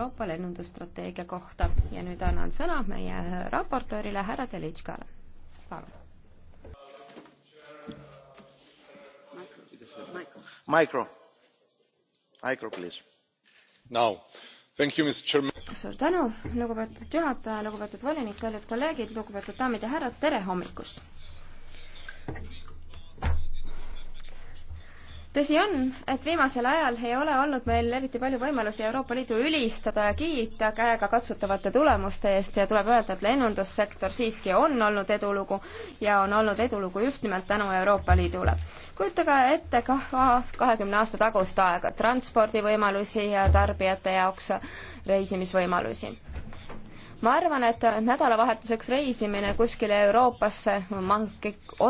Euroopa lennundusstrateegia kohta ja nüüd annan sõna meie raportöörile härra Delitškale. palun. suur tänu, lugupeetud juhataja, lugupeetud volinik, kallid kolleegid, lugupeetud daamid ja härrad, tere hommikust! tõsi on, et viimasel ajal ei ole olnud meil eriti palju võimalusi Euroopa Liidu ülistada ja kiita käegakatsutavate tulemuste eest ja tuleb öelda, et lennundussektor siiski on olnud edulugu ja on olnud edulugu just nimelt tänu Euroopa Liidule. kujutage ette kahekümne aasta tagust aega, transpordivõimalusi ja tarbijate jaoks reisimisvõimalusi ma arvan, et nädalavahetuseks reisimine kuskile Euroopasse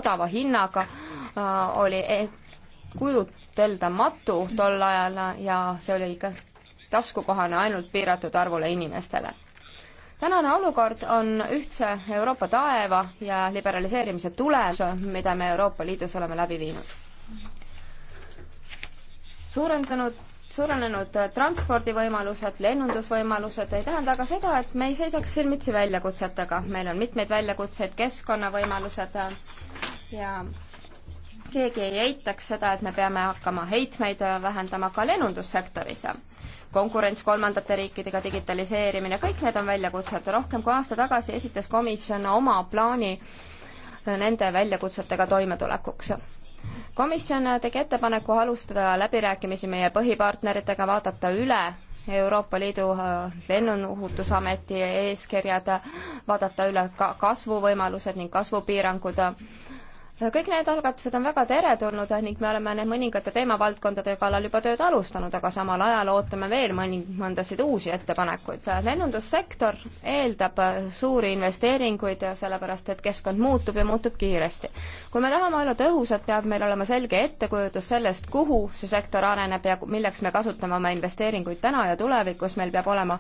odava hinnaga äh, oli e- kujuteldamatu tol ajal ja see oli ikka taskukohane ainult piiratud arvule inimestele. tänane olukord on ühtse Euroopa taeva ja liberaliseerimise tulemus, mida me Euroopa Liidus oleme läbi viinud. suurendanud suurenenud transpordivõimalused, lennundusvõimalused ei tähenda aga seda, et me ei seisaks silmitsi väljakutsetega. meil on mitmeid väljakutseid, keskkonnavõimalused ja keegi ei eitaks seda, et me peame hakkama heitmeid äh, vähendama ka lennundussektoris. konkurents kolmandate riikidega, digitaliseerimine, kõik need on väljakutsed. rohkem kui aasta tagasi esitas komisjon oma plaani äh, nende väljakutsetega toimetulekuks komisjon äh, tegi ettepaneku alustada läbirääkimisi meie põhipartneritega, vaadata üle Euroopa Liidu lennuohutusameti eeskirjad, vaadata üle ka kasvuvõimalused ning kasvupiirangud kõik need algatused on väga teretulnud ning me oleme need mõningate teemavaldkondade kallal juba tööd alustanud, aga samal ajal ootame veel mõni, mõndasid uusi ettepanekuid. lennundussektor eeldab suuri investeeringuid, sellepärast et keskkond muutub ja muutub kiiresti. kui me tahame olla tõhusad, peab meil olema selge ettekujutus sellest, kuhu see sektor areneb ja milleks me kasutame oma investeeringuid täna ja tulevikus, meil peab olema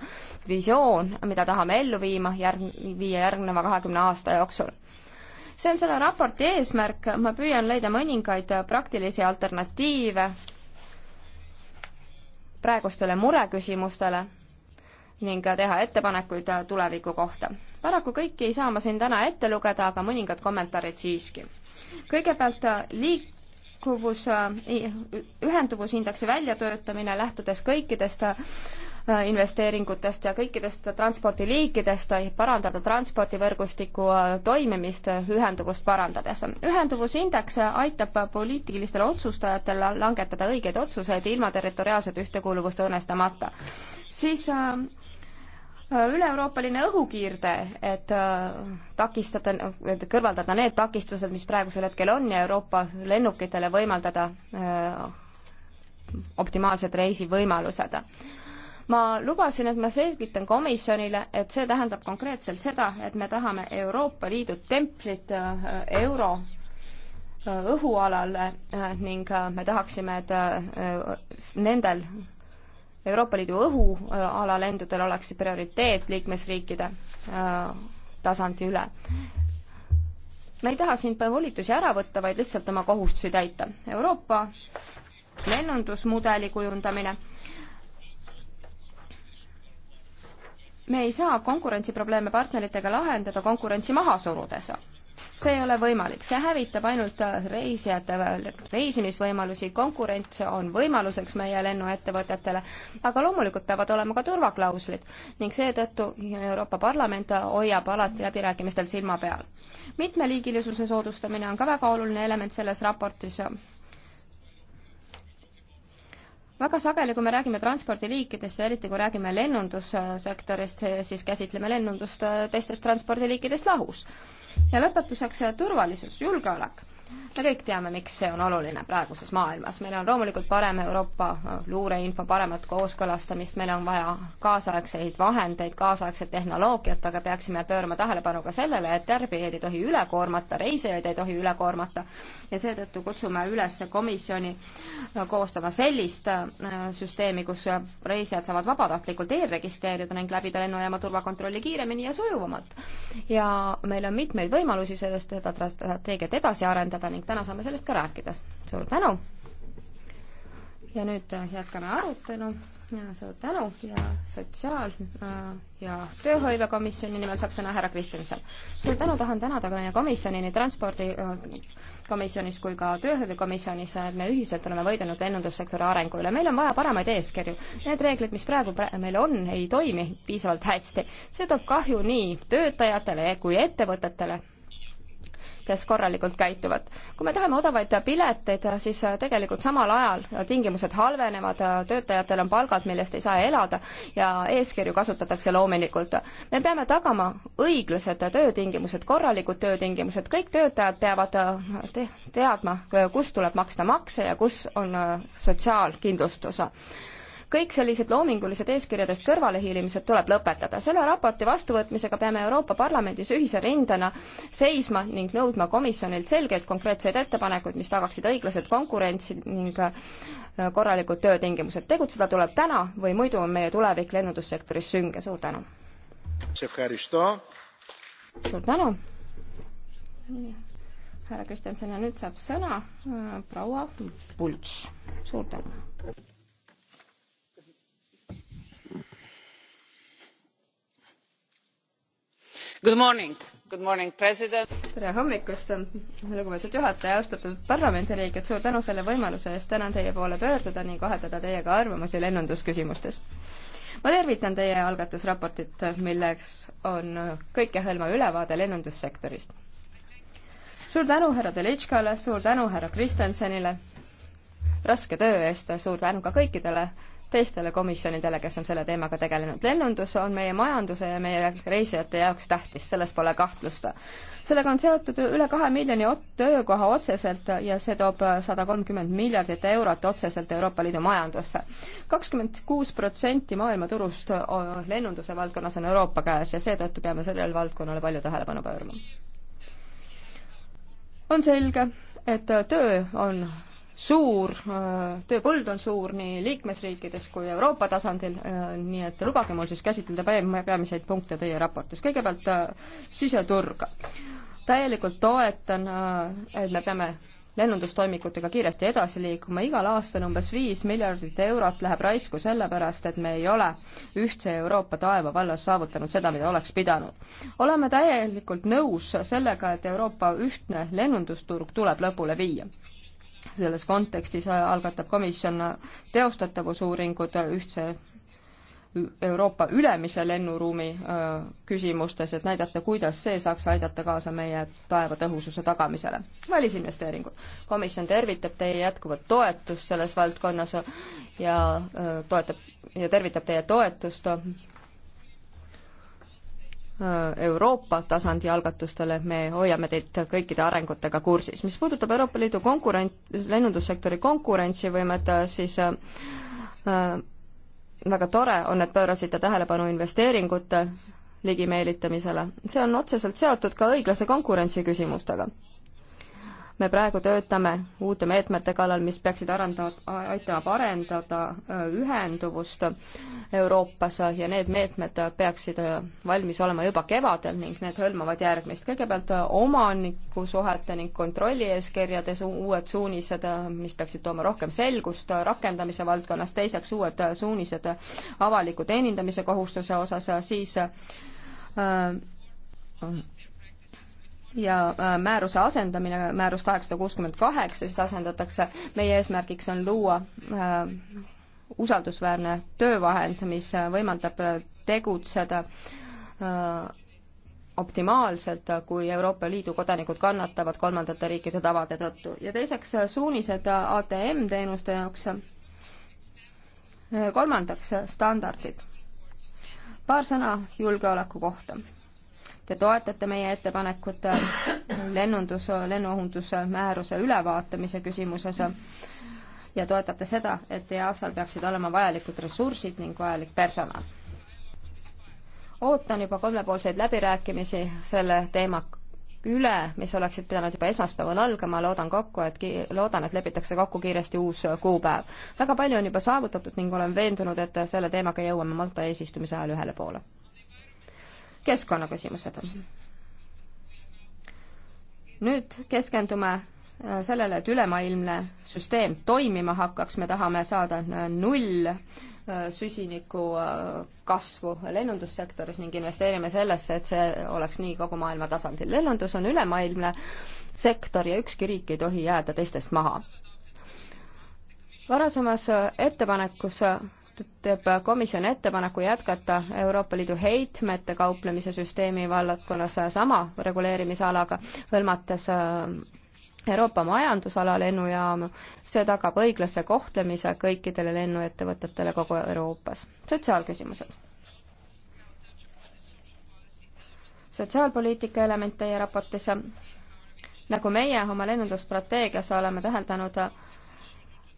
visioon, mida tahame ellu viima järg-, viia järgneva kahekümne aasta jooksul see on selle raporti eesmärk, ma püüan leida mõningaid praktilisi alternatiive praegustele mureküsimustele ning teha ettepanekuid tuleviku kohta. paraku kõiki ei saa ma siin täna ette lugeda, aga mõningad kommentaarid siiski. kõigepealt liik-, liikuvus, ühenduvusindeksi väljatöötamine, lähtudes kõikidest Äh, investeeringutest ja kõikidest transpordiliikidest, parandada transpordivõrgustiku äh, toimimist äh, ühenduvust parandades. ühenduvusindeks aitab poliitilistel otsustajatel langetada õigeid otsuseid ilma territoriaalset ühtekuuluvust õõnestamata. siis üle-Euroopaline õhukiirde, et takistada, et kõrvaldada need takistused, mis praegusel hetkel on ja Euroopa lennukitele võimaldada optimaalsed reisivõimalused ma lubasin, et ma selgitan komisjonile, et see tähendab konkreetselt seda, et me tahame Euroopa Liidu templit äh, euro äh, õhualale äh, ning me tahaksime, et nendel Euroopa Liidu õhuala lendudel oleks see prioriteet liikmesriikide tasandi üle. me ei taha siin volitusi ära võtta, vaid lihtsalt oma kohustusi täita. Euroopa lennundusmudeli kujundamine me ei saa konkurentsiprobleeme partneritega lahendada konkurentsi maha surudes. see ei ole võimalik, see hävitab ainult äh, reisijate äh, reisimisvõimalusi, konkurents on võimaluseks meie lennuettevõtetele, aga loomulikult peavad olema ka turvaklauslid ning seetõttu Euroopa Parlament hoiab alati läbirääkimistel silma peal. mitmeliigilisuse soodustamine on ka väga oluline element selles raportis väga sageli, kui me räägime transpordiliikidest ja eriti, kui räägime lennundussektorist, siis käsitleme lennundust teistest transpordiliikidest lahus. ja lõpetuseks turvalisus, julgeolek me kõik teame, miks see on oluline praeguses maailmas. meil on loomulikult parem Euroopa äh, luureinfo paremat kooskõlastamist, meil on vaja kaasaegseid vahendeid, kaasaegset tehnoloogiat, aga peaksime pöörama tähelepanu ka sellele, et tarbijaid ei tohi üle koormata, reisijaid ei tohi üle koormata ja seetõttu kutsume üles komisjoni äh, koostama sellist äh, süsteemi, kus reisijad saavad vabatahtlikult eelregistreerida ning läbida lennujaama turvakontrolli kiiremini ja sujuvamalt. ja meil on mitmeid võimalusi sellest, seda strateegiat edasi arendada, lahendada ning täna saame sellest ka rääkida. suur tänu! ja nüüd äh, jätkame arutelu ja suur tänu ja sotsiaal- äh, ja tööhõivekomisjoni nimel saab sõna härra Kristjanson. suur tänu, tahan tänada ka meie komisjoni nii transpordikomisjonis äh, kui ka tööhõivekomisjonis, et me ühiselt oleme võidelnud lennundussektori arengu üle. meil on vaja paremaid eeskirju. Need reeglid, mis praegu pra meil on, ei toimi piisavalt hästi. see toob kahju nii töötajatele kui ettevõtetele kes korralikult käituvad. kui me tahame odavaid pileteid, siis tegelikult samal ajal tingimused halvenevad, töötajatel on palgad, millest ei saa elada ja eeskirju kasutatakse loomulikult. me peame tagama õiglased töötingimused, korralikud töötingimused, kõik töötajad peavad te teadma, kust tuleb maksta makse ja kus on sotsiaalkindlustus kõik sellised loomingulised eeskirjadest kõrvalehiilimised tuleb lõpetada. selle raporti vastuvõtmisega peame Euroopa Parlamendis ühise rindena seisma ning nõudma komisjonilt selgeid konkreetseid ettepanekuid, mis tagaksid õiglased konkurentsid ning äh, korralikud töötingimused. tegutseda tuleb täna või muidu on meie tulevik lennundussektoris sünge. suur tänu! suur tänu! härra Kristjanson ja nüüd saab sõna äh, proua Pults. suur tänu! tere hommikust, lugupeetud juhataja, austatud parlamendiliikmed, suur tänu selle võimaluse eest täna teie poole pöörduda ning vahetada teiega arvamusi lennundusküsimustes. ma tervitan teie algatusraportit, milleks on kõikehõlmav ülevaade lennundussektorist. suur tänu härra Delitškale, suur tänu härra Kristjansenile raske töö eest, suur tänu ka kõikidele teistele komisjonidele, kes on selle teemaga tegelenud. lennundus on meie majanduse ja meie reisijate jaoks tähtis, selles pole kahtlust. sellega on seotud üle kahe miljoni töökoha otseselt ja see toob sada kolmkümmend miljardit eurot otseselt Euroopa Liidu majandusse. kakskümmend kuus protsenti maailmaturust lennunduse valdkonnas on Euroopa käes ja seetõttu peame sellele valdkonnale palju tähelepanu pöörama. on selge, et töö on suur, äh, tööpõld on suur nii liikmesriikides kui Euroopa tasandil, äh, nii et lubage mul siis käsitleda peamiseid punkte teie raportis. kõigepealt äh, siseturg. täielikult toetan, et me peame lennundustoimikutega kiiresti edasi liikuma, igal aastal umbes viis miljardit eurot läheb raisku sellepärast, et me ei ole ühtse Euroopa taeva vallas saavutanud seda, mida oleks pidanud. oleme täielikult nõus sellega, et Euroopa ühtne lennundusturg tuleb lõpule viia selles kontekstis äh, algatab komisjon äh, teostatavusuuringud äh, ühtse Euroopa ülemise lennuruumi küsimustes, et näidata, kuidas see saaks aidata kaasa meie taeva tõhususe tagamisele. välisinvesteeringud. komisjon tervitab teie jätkuvat toetust selles valdkonnas ja toetab ja tervitab teie toetust Äh, Euroopa tasandi algatustele, me hoiame teid kõikide arengutega kursis. mis puudutab Euroopa Liidu konkurent, lennundussektori konkurentsivõimet, äh, siis äh, väga tore on, et pöörasite tähelepanu investeeringute ligimeelitamisele. see on otseselt seotud ka õiglase konkurentsi küsimustega me praegu töötame uute meetmete kallal, mis peaksid arendada, aitama arendada äh, ühenduvust Euroopas ja need meetmed peaksid äh, valmis olema juba kevadel ning need hõlmavad järgmist. kõigepealt äh, omanikusuhete ning kontrollieeskirjades uued suunised, mis peaksid tooma rohkem selgust rakendamise valdkonnas, teiseks uued suunised avaliku teenindamise kohustuse osas, siis äh, ja äh, määruse asendamine, määrus kaheksasada kuuskümmend kaheksa, siis asendatakse, meie eesmärgiks on luua äh, usaldusväärne töövahend, mis äh, võimaldab tegutseda optimaalselt, kui Euroopa Liidu kodanikud kannatavad kolmandate riikide tavade tõttu. ja teiseks suunised ATM-teenuste jaoks. kolmandaks standardid. paar sõna julgeoleku kohta te toetate meie ettepanekut lennundus, lennuohutuse määruse ülevaatamise küsimuses ja toetate seda, et EASA-l peaksid olema vajalikud ressursid ning vajalik personal. ootan juba kolmepoolseid läbirääkimisi selle teema üle, mis oleksid pidanud juba esmaspäeval algama, loodan kokku, et ki-, loodan, et lepitakse kokku kiiresti uus kuupäev. väga palju on juba saavutatud ning olen veendunud, et selle teemaga jõuame Malta eesistumise ajal ühele poole keskkonnaküsimused. nüüd keskendume äh, sellele, et ülemaailmne süsteem toimima hakkaks, me tahame saada äh, null äh, süsiniku kasvu lennundussektoris ning investeerime sellesse, et see oleks nii kogu maailma tasandil. lennundus on ülemaailmne sektor ja ükski riik ei tohi jääda teistest maha. varasemas ettepanekus teeb komisjon ettepaneku jätkata Euroopa Liidu heitmete kauplemise süsteemi valdkonnas sama reguleerimisalaga, hõlmates äh, Euroopa majandusala lennujaamu, see tagab õiglase kohtlemise kõikidele lennuettevõtetele kogu Euroopas. sotsiaalküsimused. sotsiaalpoliitika element teie raportis. nagu meie oma lennundusstrateegias oleme täheldanud,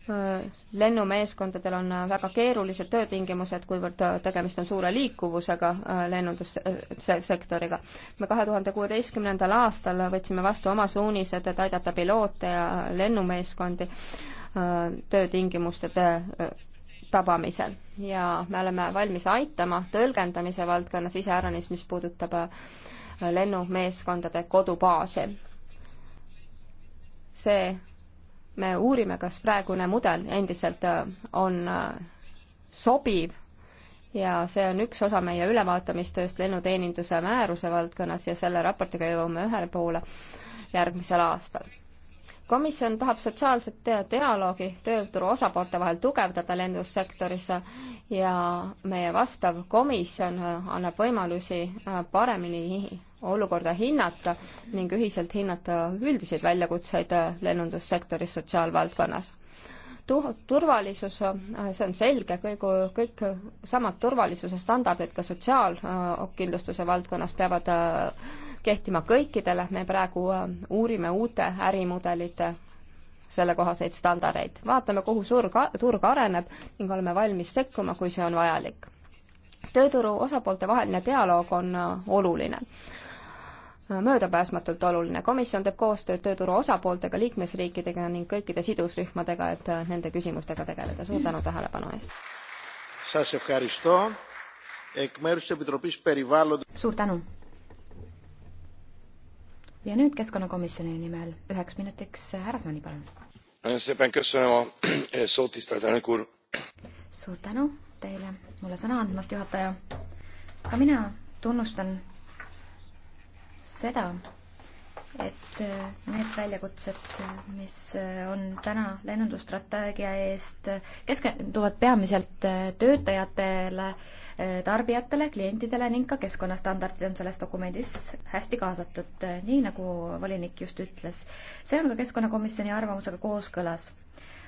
Äh, lennumeeskondadel on äh, väga keerulised töötingimused, kuivõrd äh, tegemist on suure liikuvusega lennundussektoriga. me kahe tuhande kuueteistkümnendal aastal võtsime vastu oma suunised, et aidata piloote ja lennumeeskondi töötingimuste tabamisel ja me oleme valmis aitama tõlgendamise valdkonnas iseäranis, mis puudutab lennumeeskondade kodubaasi. see me uurime, kas praegune mudel endiselt äh, on äh, sobiv ja see on üks osa meie ülevaatamistööst lennuteeninduse määruse valdkonnas ja selle raportiga jõuame ühele poole järgmisel aastal komisjon tahab sotsiaalset dialoogi tööturu osapoolte vahel tugevdada lendussektoris ja meie vastav komisjon äh, annab võimalusi äh, paremini olukorda hinnata ning ühiselt hinnata üldiseid väljakutseid äh, lennundussektoris sotsiaalvaldkonnas turvalisus, see on selge, kõik, kõik samad turvalisuse standardid ka sotsiaalkindlustuse valdkonnas peavad kehtima kõikidele, me praegu äh, uurime uute ärimudelite sellekohaseid standardeid. vaatame, kuhu surg, turg areneb ning oleme valmis sekkuma, kui see on vajalik. tööturu osapoolte vaheline dialoog on äh, oluline äh, möödapääsmatult oluline. komisjon teeb koostööd tööturu osapooltega, liikmesriikidega ning kõikide sidusrühmadega, et nende küsimustega tegeleda. suur tänu tähelepanu eest! suur tänu! ja nüüd keskkonnakomisjoni nimel üheks minutiks äh, härra Sani, palun. suur tänu teile mulle sõna andmast, juhataja. ka mina tunnustan seda, et äh, need väljakutsed, mis äh, on täna lennundusstrateegia eest, keskenduvad peamiselt äh, töötajatele, tarbijatele, klientidele ning ka keskkonnastandardid on selles dokumendis hästi kaasatud, nii nagu volinik just ütles. see on ka Keskkonnakomisjoni arvamusega kooskõlas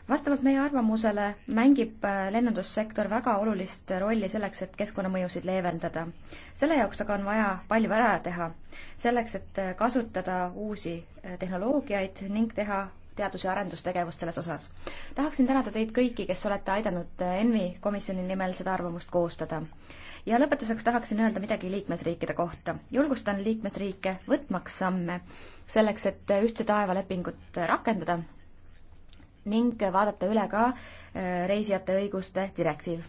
vastavalt meie arvamusele mängib äh, lennundussektor väga olulist rolli selleks, et keskkonnamõjusid leevendada. selle jaoks aga on vaja palju ära teha, selleks et äh, kasutada uusi äh, tehnoloogiaid ning teha teadus- ja arendustegevust selles osas. tahaksin tänada teid kõiki, kes olete aidanud ENVI komisjoni nimel seda arvamust koostada. ja lõpetuseks tahaksin öelda midagi liikmesriikide kohta. julgustan liikmesriike võtmaks samme selleks, et ühtse taeva lepingut rakendada ning vaadata üle ka äh, reisijate õiguste direktiiv.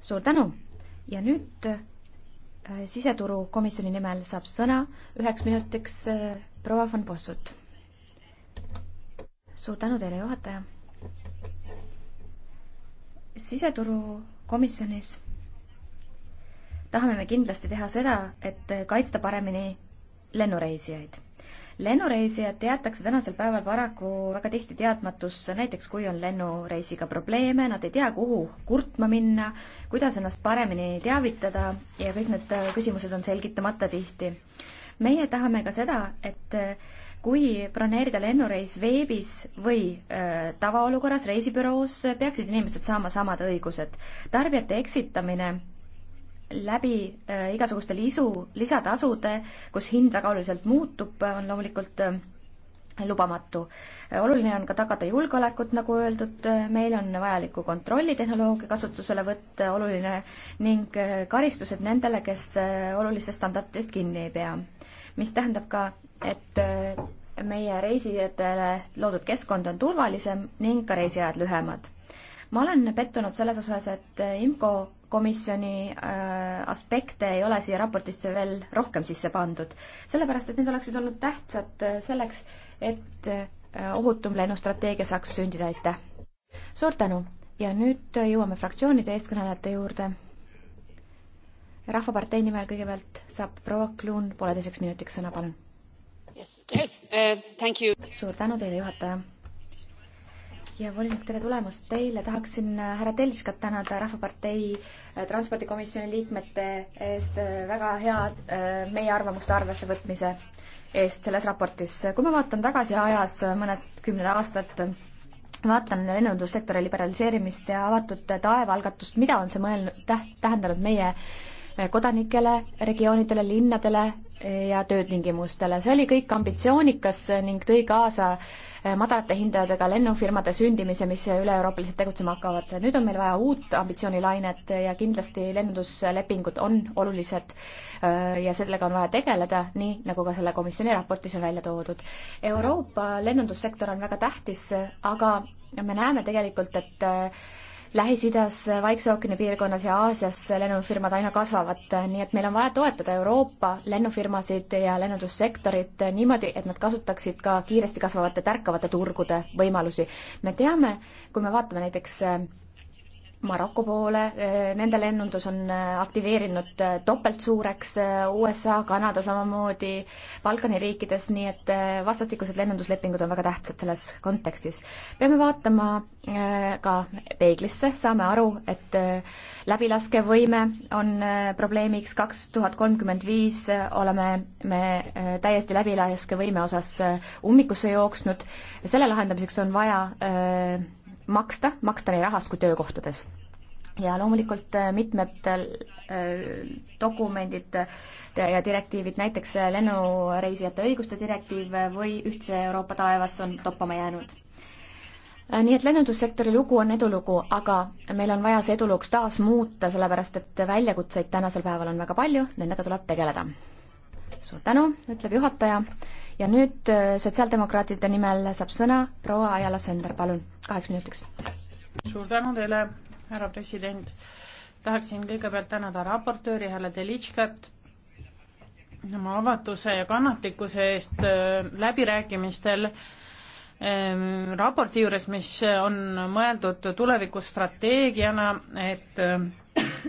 suur tänu ja nüüd äh, siseturu komisjoni nimel saab sõna üheks minutiks äh, proua von Bossut. suur tänu teile, juhataja. siseturu komisjonis tahame me kindlasti teha seda, et kaitsta paremini lennureisijaid lennureisijad jäetakse tänasel päeval paraku väga tihti teadmatusse, näiteks kui on lennureisiga probleeme, nad ei tea, kuhu kurtma minna, kuidas ennast paremini teavitada ja kõik need äh, küsimused on selgitamata tihti. meie tahame ka seda, et äh, kui broneerida lennureis veebis või äh, tavaolukorras reisibüroos, äh, peaksid inimesed saama samad õigused. tarbijate eksitamine läbi äh, igasuguste lisu, lisatasude, kus hind väga oluliselt muutub, on loomulikult äh, lubamatu. Äh, oluline on ka tagada julgeolekut, nagu öeldud, meil on vajaliku kontrollitehnoloogia kasutuselevõtt oluline ning karistused nendele, kes olulistest standarditest kinni ei pea. mis tähendab ka, et meie reisijatele loodud keskkond on turvalisem ning ka reisiajad lühemad. ma olen pettunud selles osas, et IMCO komisjoni äh, aspekte ei ole siia raportisse veel rohkem sisse pandud. sellepärast, et need oleksid olnud tähtsad äh, selleks, et äh, ohutum lennustrateegia saaks sündida, aitäh! suur tänu ja nüüd jõuame fraktsioonide eestkõnelejate juurde. rahvapartei nimel kõigepealt saab proua Kluun pooleteiseks minutiks sõna, palun yes,. Yes, uh, suur tänu teile, juhataja ja volinik, tere tulemast teile, tahaksin äh, härra Telškat tänada Rahvapartei äh, transpordikomisjoni liikmete eest äh, väga hea meie arvamuste arvesse võtmise eest selles raportis. kui ma vaatan tagasi ajas mõned kümned aastad, vaatan lennundussektori liberaliseerimist ja avatud taeva algatust, mida on see mõelnud, täht-, tähendanud meie kodanikele, regioonidele, linnadele, ja töötingimustele. see oli kõik ambitsioonikas ning tõi kaasa eh, madalate hindadega lennufirmade sündimise, mis üle-euroopaliselt tegutsema hakkavad. nüüd on meil vaja uut ambitsioonilainet ja kindlasti lennunduslepingud on olulised eh, ja sellega on vaja tegeleda, nii nagu ka selle komisjoni raportis on välja toodud. Euroopa lennundussektor on väga tähtis, aga me näeme tegelikult, et eh, Lähis-Idas, Vaikse ookeani piirkonnas ja Aasias lennufirmad aina kasvavad, nii et meil on vaja toetada Euroopa lennufirmasid ja lennundussektorit niimoodi, et nad kasutaksid ka kiiresti kasvavate tärkavate turgude võimalusi. me teame, kui me vaatame näiteks Maroko poole, äh, nende lennundus on äh, aktiveerinud äh, topelt suureks USA, Kanada samamoodi, Balkani riikides, nii et vastastikused lennunduslepingud on väga tähtsad selles kontekstis. peame vaatama ka peeglisse, saame aru, et läbilaskevõime on probleemiks, kaks tuhat kolmkümmend viis oleme me täiesti läbilaskevõime osas ummikusse jooksnud, selle lahendamiseks on vaja maksta, maksta nii rahas kui töökohtades ja loomulikult äh, mitmed äh, dokumendid äh, ja direktiivid, näiteks lennureisijate õiguste direktiiv või Ühtse Euroopa taevas on toppama jäänud. nii et lennundussektori lugu on edulugu, aga meil on vaja see edulugu taas muuta, sellepärast et väljakutseid tänasel päeval on väga palju, nendega tuleb tegeleda. suur tänu, ütleb juhataja ja nüüd äh, sotsiaaldemokraatide nimel saab sõna proua Ajala Sõnder, palun, kaheks minutiks. suur tänu teile, härra president. tahaksin kõigepealt tänada raportööri härra Delitškat oma avatuse ja kannatlikkuse eest äh, läbirääkimistel ähm, raporti juures, mis on mõeldud tulevikustrateegiana, et äh,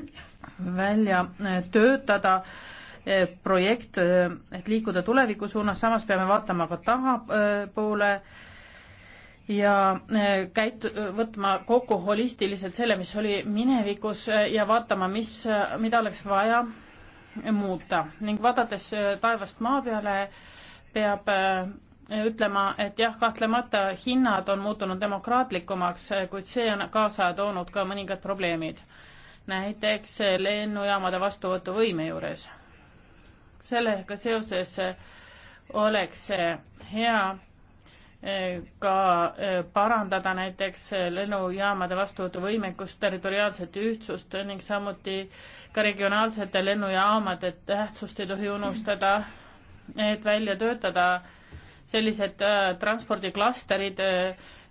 välja töötada äh, E, projekt, e, et liikuda tuleviku suunas, samas peame vaatama ka tahapoole e, ja käit-, võtma kokku holistiliselt selle, mis oli minevikus ja vaatama, mis, mida oleks vaja muuta ning vaadates taevast maa peale, peab ütlema, et jah, kahtlemata hinnad on muutunud demokraatlikumaks, kuid see on kaasa toonud ka mõningad probleemid. näiteks lennujaamade vastuvõtuvõime juures sellega seoses eh, oleks eh, hea eh, ka parandada näiteks lennujaamade vastuvõtuvõimekust, territoriaalset ühtsust ning samuti ka regionaalsete lennujaamade tähtsust ei tohi unustada, et välja töötada sellised transpordiklasterid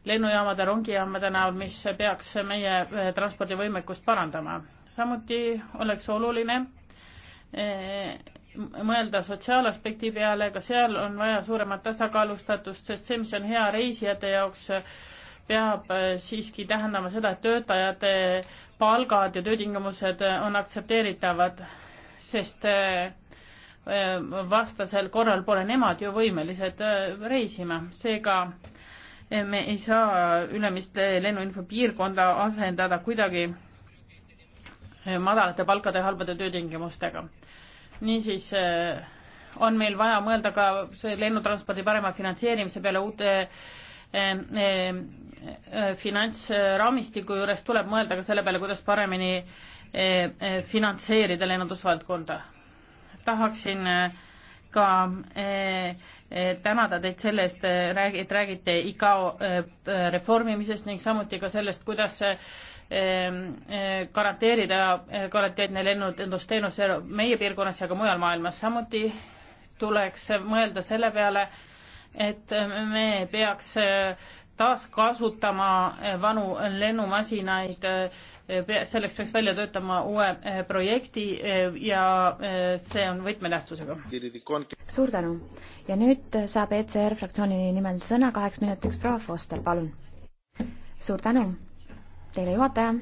lennujaamade, rongijaamade näol, mis peaks meie transpordivõimekust parandama. samuti oleks oluline mõelda sotsiaalaspekti peale, ka seal on vaja suuremat tasakaalustatust, sest see, mis on hea reisijate jaoks, peab äh, siiski tähendama seda, et töötajate palgad ja töötingimused äh, on aktsepteeritavad, sest äh, vastasel korral pole nemad ju võimelised reisima, seega me ei saa Ülemiste lennuinfopiirkonda asendada kuidagi madalate palkade ja halbade töötingimustega niisiis äh, on meil vaja mõelda ka see lennutranspordi parema finantseerimise peale uute äh, äh, finantsraamistiku juures tuleb mõelda ka selle peale, kuidas paremini finantseerida lennundusvaldkonda. tahaksin ka tänada teid selle eest, et räägite ICAO reformimisest ning samuti ka sellest, kuidas Ehm, eh, garanteerida eh, kvaliteetne lennundusteenus meie piirkonnas ja ka mujal maailmas. samuti tuleks mõelda selle peale, et me peaks eh, taaskasutama vanu lennumasinaid, selleks peaks välja töötama uue projekti ja see on võtmetähtsusega. suur tänu ja nüüd saab ECR fraktsiooni nimel sõna kaheks minutiks proua Foster, palun. suur tänu teile, juhataja.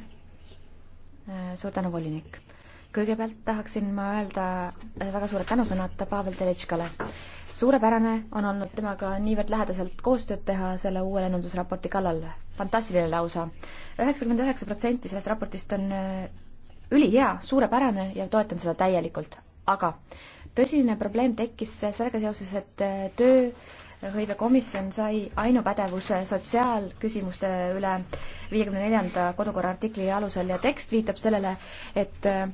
Äh, suur tänu, volinik. kõigepealt tahaksin ma öelda äh, väga suured tänusõnad Pavel Telitškale. suurepärane on olnud temaga niivõrd lähedaselt koostööd teha selle uue lennundusraporti kallal. fantastiline lausa. üheksakümmend üheksa protsenti sellest raportist on äh, ülihea, suurepärane ja toetan seda täielikult, aga tõsine probleem tekkis sellega seoses, et töö hõivekomisjon sai ainupädevuse sotsiaalküsimuste üle viiekümne neljanda kodukorra artikli alusel ja tekst viitab sellele, et äh,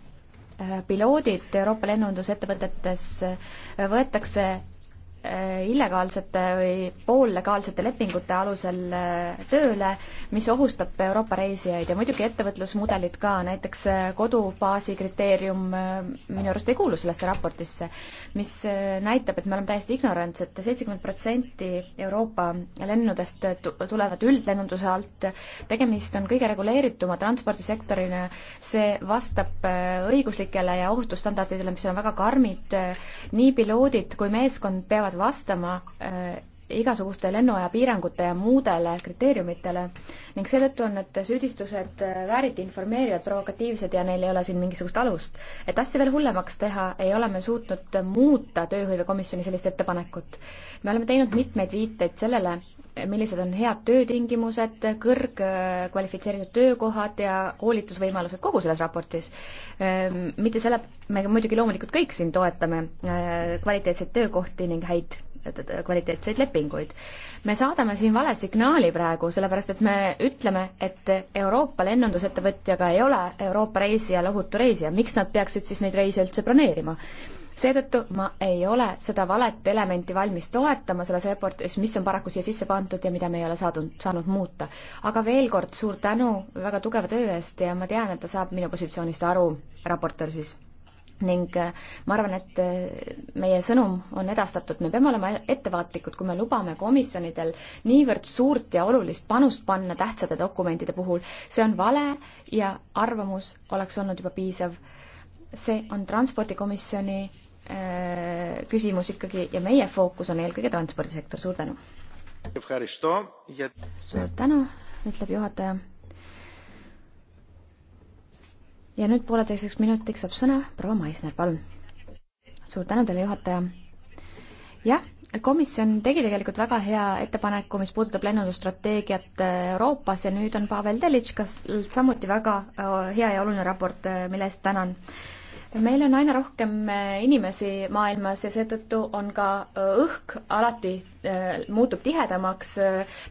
piloodid Euroopa lennundusettevõtetes äh, võetakse äh, illegaalsete või poollegaalsete lepingute alusel tööle, mis ohustab Euroopa reisijaid ja muidugi ettevõtlusmudelid ka, näiteks kodubaasi kriteerium minu arust ei kuulu sellesse raportisse mis äh, näitab, et me oleme täiesti ignorantsed. seitsekümmend protsenti Euroopa lennudest tulevad üldlennunduse alt. tegemist on kõige reguleerituma transpordisektorina. see vastab äh, õiguslikele ja ohutusstandarditele, mis on väga karmid. nii piloodid kui meeskond peavad vastama äh, igasuguste lennuaja piirangute ja muudele kriteeriumitele ning seetõttu on need süüdistused äh, vääriti informeerivad, provokatiivsed ja neil ei ole siin mingisugust alust. et asja veel hullemaks teha, ei ole me suutnud muuta Tööhõivekomisjoni sellist ettepanekut. me oleme teinud mitmeid viiteid sellele, millised on head töötingimused, kõrgkvalifitseeritud äh, töökohad ja koolitusvõimalused kogu selles raportis. Ähm, mitte selle, me muidugi loomulikult kõik siin toetame äh, kvaliteetseid töökohti ning häid kvaliteetseid lepinguid. me saadame siin vale signaali praegu, sellepärast et me ütleme, et Euroopa lennundusettevõtjaga ei ole Euroopa reisija lohutu reisija, miks nad peaksid siis neid reise üldse broneerima? seetõttu ma ei ole seda valet elementi valmis toetama selles raportis, mis on paraku siia sisse pandud ja mida me ei ole saadud, saanud muuta. aga veel kord suur tänu väga tugeva töö eest ja ma tean, et ta saab minu positsioonist aru, raportöör siis ning äh, ma arvan, et äh, meie sõnum on edastatud, me peame olema ettevaatlikud, kui me lubame komisjonidel niivõrd suurt ja olulist panust panna tähtsate dokumentide puhul. see on vale ja arvamus oleks olnud juba piisav. see on Transpordikomisjoni äh, küsimus ikkagi ja meie fookus on eelkõige transpordisektor, suur tänu! suur tänu, ütleb juhataja ja nüüd pooleteiseks minutiks saab sõna proua Maisner, palun. suur tänu teile, juhataja. jah, komisjon tegi tegelikult väga hea ettepaneku, mis puudutab lennundusstrateegiat äh, Euroopas ja nüüd on Pavel Telitškas samuti väga äh, hea ja oluline raport, äh, mille eest tänan meil on aina rohkem inimesi maailmas ja seetõttu on ka õhk alati muutub tihedamaks,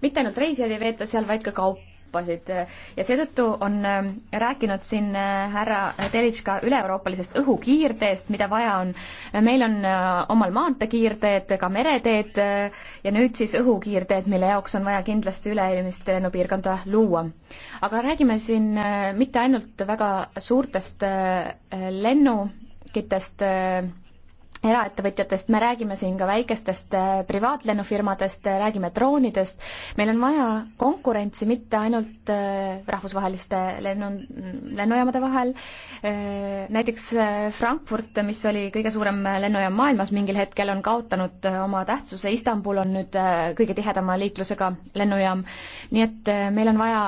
mitte ainult reisijaid ei veeta seal, vaid ka kaupa tappasid ja seetõttu on äh, rääkinud siin äh, härra Telitška üle-euroopalisest õhukiirteest, mida vaja on. meil on äh, omal maanteekiirteed, ka mereteed ja nüüd siis õhukiirteed, mille jaoks on vaja kindlasti üle-eelmist lennupiirkonda luua. aga räägime siin mitte ainult väga suurtest lennu kittest eraettevõtjatest, me räägime siin ka väikestest äh, privaatlennufirmadest, äh, räägime droonidest, meil on vaja konkurentsi mitte ainult äh, rahvusvaheliste lennu, lennujaamade vahel, näiteks Frankfurt, mis oli kõige suurem lennujaam maailmas mingil hetkel, on kaotanud oma tähtsuse, Istanbul on nüüd kõige tihedama liiklusega lennujaam, nii et meil on vaja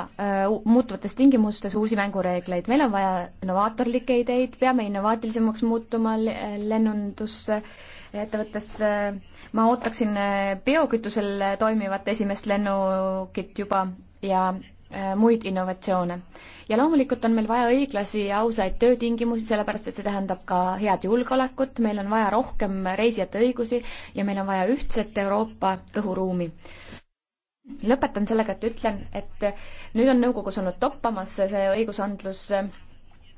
muutuvates tingimustes uusi mängureegleid, meil on vaja innovaatorlikke ideid, peame innovaatilisemaks muutuma lennundus, ettevõtlusse, ettevõttesse. ma ootaksin eh, biokütusel toimivat esimest lennukit juba ja eh, muid innovatsioone. ja loomulikult on meil vaja õiglasi ja ausaid töötingimusi, sellepärast et see tähendab ka head julgeolekut, meil on vaja rohkem reisijate õigusi ja meil on vaja ühtset Euroopa õhuruumi lõpetan sellega, et ütlen, et nüüd on nõukogus olnud toppamas see õigusandlus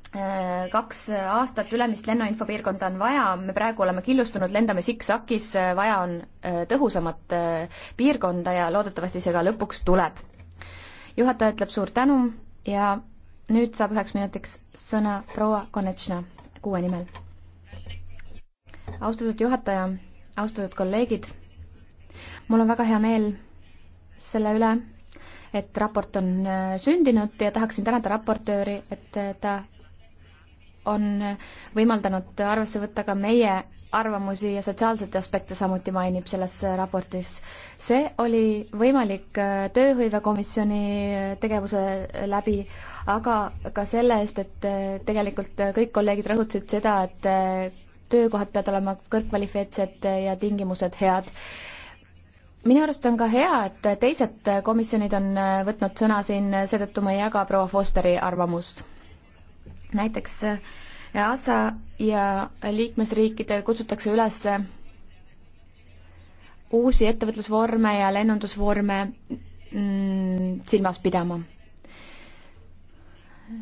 Äh, kaks aastat ülemist lennuinfopiirkonda on vaja, me praegu oleme killustunud, lendame siksakis, äh, vaja on äh, tõhusamat piirkonda ja loodetavasti see ka lõpuks tuleb. juhataja ütleb suur tänu ja nüüd saab üheks minutiks sõna proua Konechna kuue nimel. austatud juhataja, austatud kolleegid, mul on väga hea meel selle üle, et raport on sündinud ja tahaksin tänada raportööri, et ta on võimaldanud arvesse võtta ka meie arvamusi ja sotsiaalseid aspekte samuti mainib selles raportis. see oli võimalik äh, Tööhõivekomisjoni äh, tegevuse läbi, aga ka selle eest, et äh, tegelikult kõik kolleegid rõhutasid seda, et töökohad peavad olema kõrgkvalifeetsed ja tingimused head minu arust on ka hea, et teised komisjonid on võtnud sõna siin, seetõttu ma ei jaga proua Fosteri arvamust näiteks EASA äh, ja liikmesriikide kutsutakse üles äh, uusi ettevõtlusvorme ja lennundusvorme mm, silmas pidama.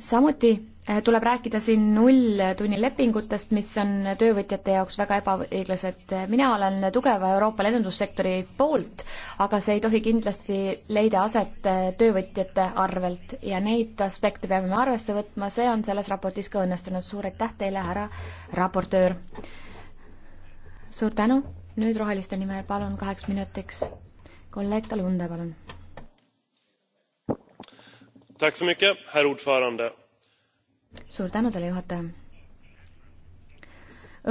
samuti Äh, tuleb rääkida siin nulltunnilepingutest, mis on töövõtjate jaoks väga ebaõiglased. Äh, mina olen tugeva Euroopa lennundussektori poolt, aga see ei tohi kindlasti leida aset äh, töövõtjate arvelt ja neid aspekte peame me arvesse võtma, see on selles raportis ka õnnestunud. suur aitäh teile, härra raportöör! suur tänu, nüüd Roheliste nimel palun kaheks minutiks kolleeg Talunde, palun! herr ordförande! suur tänu teile, juhataja!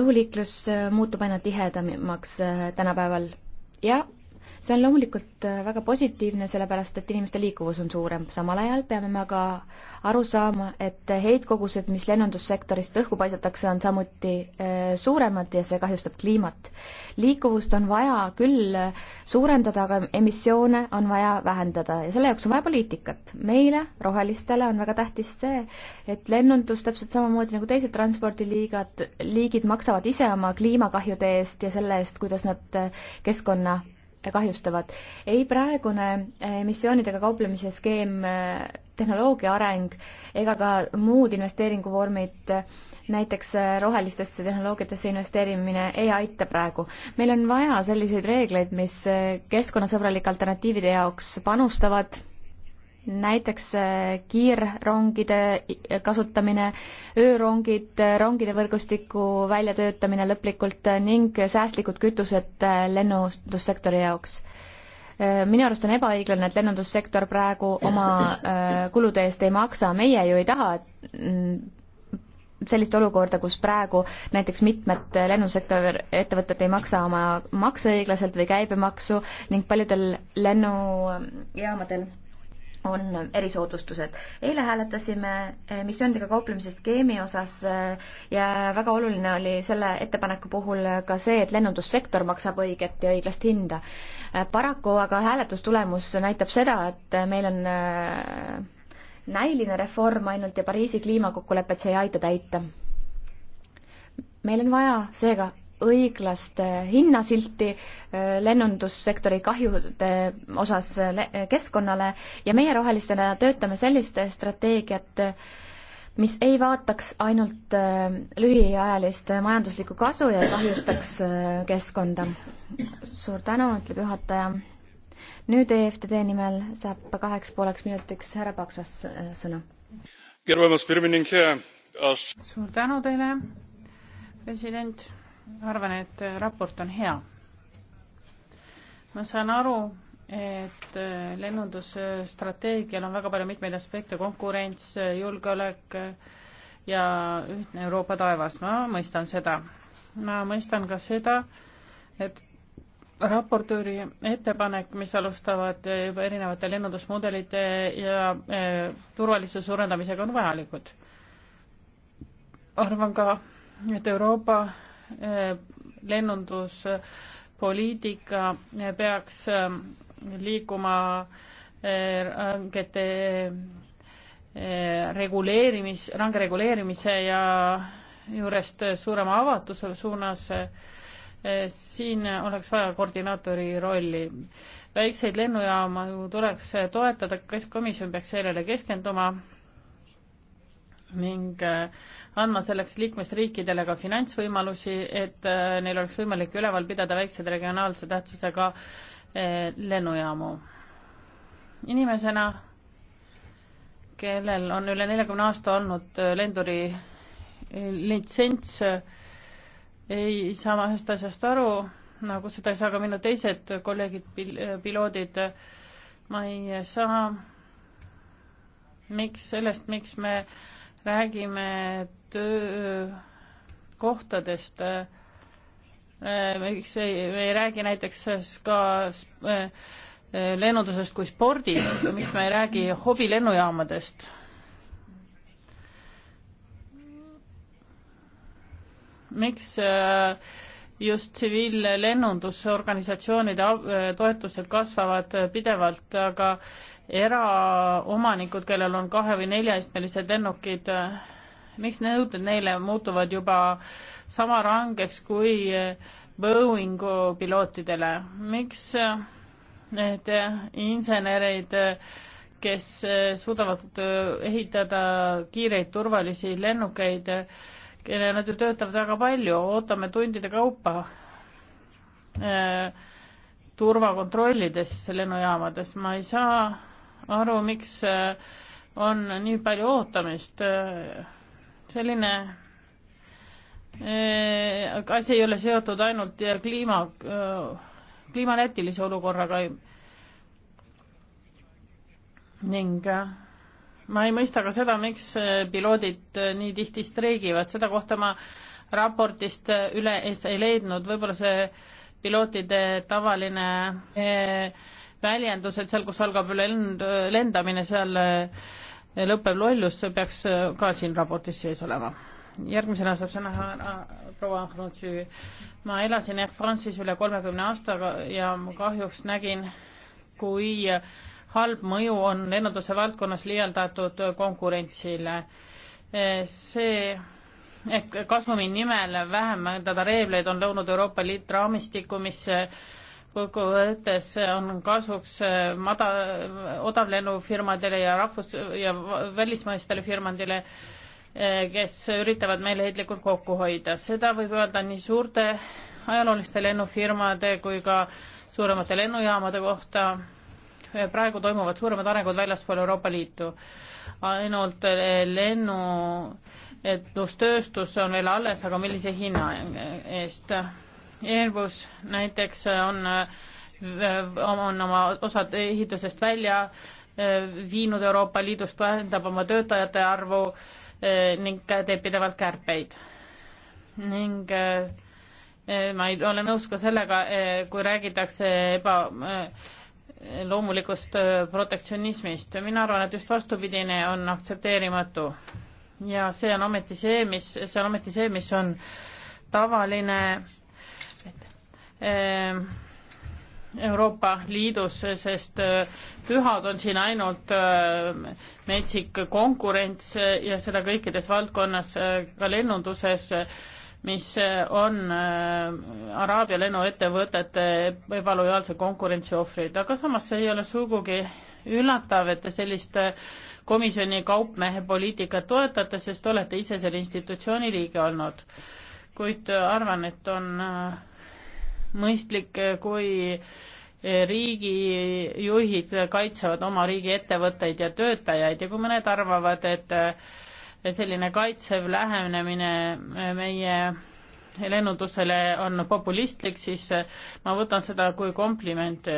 õhuliiklus muutub aina tihedamaks tänapäeval ja see on loomulikult äh, väga positiivne, sellepärast et inimeste liikuvus on suurem, samal ajal peame me aga aru saama, et heitkogused, mis lennundussektorist õhku paisatakse, on samuti äh, suuremad ja see kahjustab kliimat. liikuvust on vaja küll äh, suurendada, aga emissioone on vaja vähendada ja selle jaoks on vaja poliitikat. meile, rohelistele, on väga tähtis see, et lennundus täpselt samamoodi nagu teised transpordiliigad, liigid maksavad ise oma kliimakahjude eest ja selle eest, kuidas nad keskkonna kahjustavad. ei praegune emissioonidega eh, kauplemise skeem, eh, tehnoloogia areng ega ka muud investeeringuvormid, eh, näiteks rohelistesse tehnoloogiatesse investeerimine ei aita praegu. meil on vaja selliseid reegleid, mis keskkonnasõbralike alternatiivide jaoks panustavad näiteks äh, kiirrongide kasutamine, öörongid, äh, rongide võrgustiku väljatöötamine lõplikult äh, ning säästlikud kütused lennundussektori jaoks. minu arust on ebaõiglane, et lennundussektor praegu oma kulude eest ei maksa, meie ju ei taha mm, sellist olukorda, kus praegu näiteks mitmed lennundussektori ettevõtted ei maksa oma makse õiglaselt või käibemaksu ning paljudel lennujaamadel on erisoodustused. eile hääletasime eh, missioonidega kauplemise skeemi osas eh, ja väga oluline oli selle ettepaneku puhul ka see, et lennundussektor maksab õiget ja õiglast hinda. Eh, paraku aga hääletustulemus näitab seda, et meil on näiline reform ainult ja Pariisi kliimakokkulepet see ei aita täita. meil on vaja seega õiglast äh, hinnasilti äh, lennundussektori kahjude osas äh, keskkonnale ja meie rohelistena töötame sellist strateegiat, mis ei vaataks ainult lühiajalist majanduslikku kasu ja kahjustaks keskkonda. suur tänu, ütleb juhataja. nüüd EFTD nimel saab kaheks pooleks minutiks härra Paksas sõna. suur tänu teile, president arvan, et äh, raport on hea. ma saan aru, et äh, lennundusstrateegial on väga palju mitmeid aspekte, konkurents, äh, julgeolek ja ühtne Euroopa taevas, ma mõistan seda. ma mõistan ka seda, et raportööri ettepanek, mis alustavad juba erinevate lennundusmudelite ja turvalisuse suurendamisega, on vajalikud. arvan ka, et Euroopa Äh, lennunduspoliitika äh, peaks äh, liikuma rangete reguleerimis, range reguleerimise ja juurest suurema avatuse suunas, siin oleks vaja koordinaatori rolli. väikseid lennujaama ju tuleks toetada, keskkomisjon peaks sellele keskenduma ning äh, andma selleks liikmesriikidele ka finantsvõimalusi, et äh, neil oleks võimalik üleval pidada väikseid regionaalse tähtsusega äh, lennujaamu. inimesena, kellel on üle neljakümne aasta olnud lenduri litsents, ei saa ma ühest asjast aru, nagu seda ei saa ka minu teised kolleegid pil-, piloodid, ma ei saa miks sellest, miks me räägime töökohtadest, miks ei, me ei räägi näiteks ka eh, lennundusest kui spordist, miks me ei räägi hobilennujaamadest? miks eh, just tsiviillennundusorganisatsioonide eh, toetused kasvavad pidevalt, aga eraomanikud, kellel on kahe- või neljaistmelised lennukid, eh, miks nõuded neile muutuvad juba sama rangeks kui eh, Boeingu pilootidele, miks eh, need insenerid, kes suudavad ehitada kiireid turvalisi lennukeid, kelle nad ju töötavad väga palju, ootame tundide kaupa turvakontrollides lennujaamades, ma ei saa aru, miks äh, on nii palju ootamist. Äh, selline äh, asi ei ole seotud ainult kliima, kliimanetilise olukorraga ning ma ei mõista ka seda, miks piloodid nii tihti streigivad, seda kohta ma raportist üles ei leidnud, võib-olla see pilootide tavaline eh, väljendused, seal, kus algab lend, lendamine, seal eh, lõpeb lollus, see peaks eh, ka siin raportis sees olema. järgmisena saab sõna äh, proua Franzi. ma elasin Air France'is üle kolmekümne aastaga ja ma kahjuks nägin, kui halb mõju on lennunduse valdkonnas liialdatud konkurentsile. Eh, see ehk kasumi nimel vähendada reegleid on loonud Euroopa Liit raamistiku, mis kokkuvõttes on kasuks mada-, odavlennufirmadele ja rahvus- ja välismaistele firmadele, kes üritavad meeleheitlikult kokku hoida. seda võib öelda nii suurte ajalooliste lennufirmade kui ka suuremate lennujaamade kohta. praegu toimuvad suuremad arengud väljaspool Euroopa Liitu. ainult lennu, et tööstus on veel alles, aga millise hinna eest? Airbus näiteks on, on oma osad ehitusest välja eh, viinud Euroopa Liidust, vähendab oma töötajate arvu eh, ning teeb pidevalt kärpeid. ning eh, ma ei ole nõus ka sellega, kui räägitakse eba loomulikust protektsionismist. mina arvan, et just vastupidine on aktsepteerimatu. ja see on ometi see, mis, see on ometi see, mis on tavaline Ehm, Euroopa Liidus, sest äh, pühad on siin ainult äh, metsik konkurents äh, ja seda kõikides valdkonnas, ka lennunduses, mis on Araabia lennuettevõtete ebalojaalse konkurentsi ohvrid, aga samas see ei ole sugugi üllatav, et te sellist komisjoni kaupmehe poliitikat toetate, sest olete ise selle institutsiooni liige olnud. kuid arvan, et on mõistlik, eh, kui eh, riigijuhid kaitsevad oma riigi ettevõtteid ja töötajaid ja kui mõned arvavad, et eh, selline kaitsev lähenemine meie lennundusele on populistlik, siis ma võtan seda kui komplimente.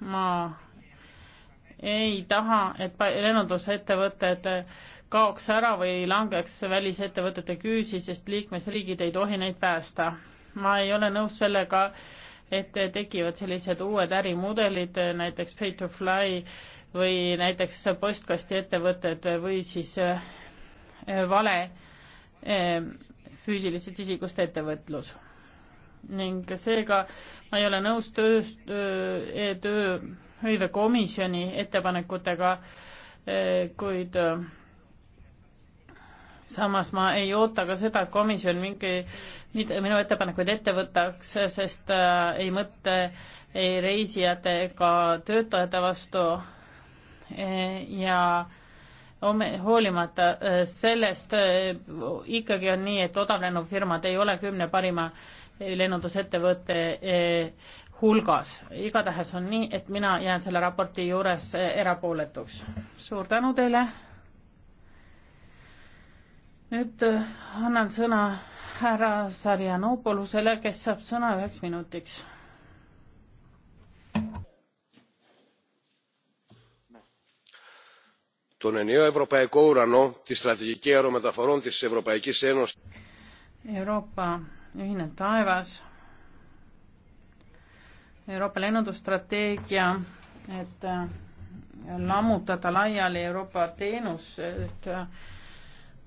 ma ei taha, et lennundusettevõtted kaoks ära või langeks välisettevõtete küüsi, sest liikmesriigid ei tohi neid päästa ma ei ole nõus sellega, et tekivad sellised uued ärimudelid, näiteks pay to fly või näiteks postkastiettevõtted või siis äh, vale äh, füüsilisest isikust ettevõtlus. ning seega ma ei ole nõus tööst, töö, tööhõivekomisjoni ettepanekutega, äh, kuid öö, samas ma ei oota ka seda, et komisjon mingi, minu ettepanekuid ette võtaks, sest äh, ei mõtle ei reisijate ega töötajate vastu e, ja ome, hoolimata äh, sellest äh, ikkagi on nii, et odavlennufirmad ei ole kümne parima äh, lennundusettevõtte e, hulgas. igatahes on nii, et mina jään selle raporti juures erapooletuks. suur tänu teile nüüd äh, annan sõna härra Sarjanopolusele, kes saab sõna üheks minutiks. τον ενιαίο ευρωπαϊκό ουρανό, τη στρατηγική αερομεταφορών της Ευρωπαϊκής Ένωσης. Euroopa ühine taevas, Euroopa lennundusstrateegia, et äh, lammutada laiali Euroopa teenused äh,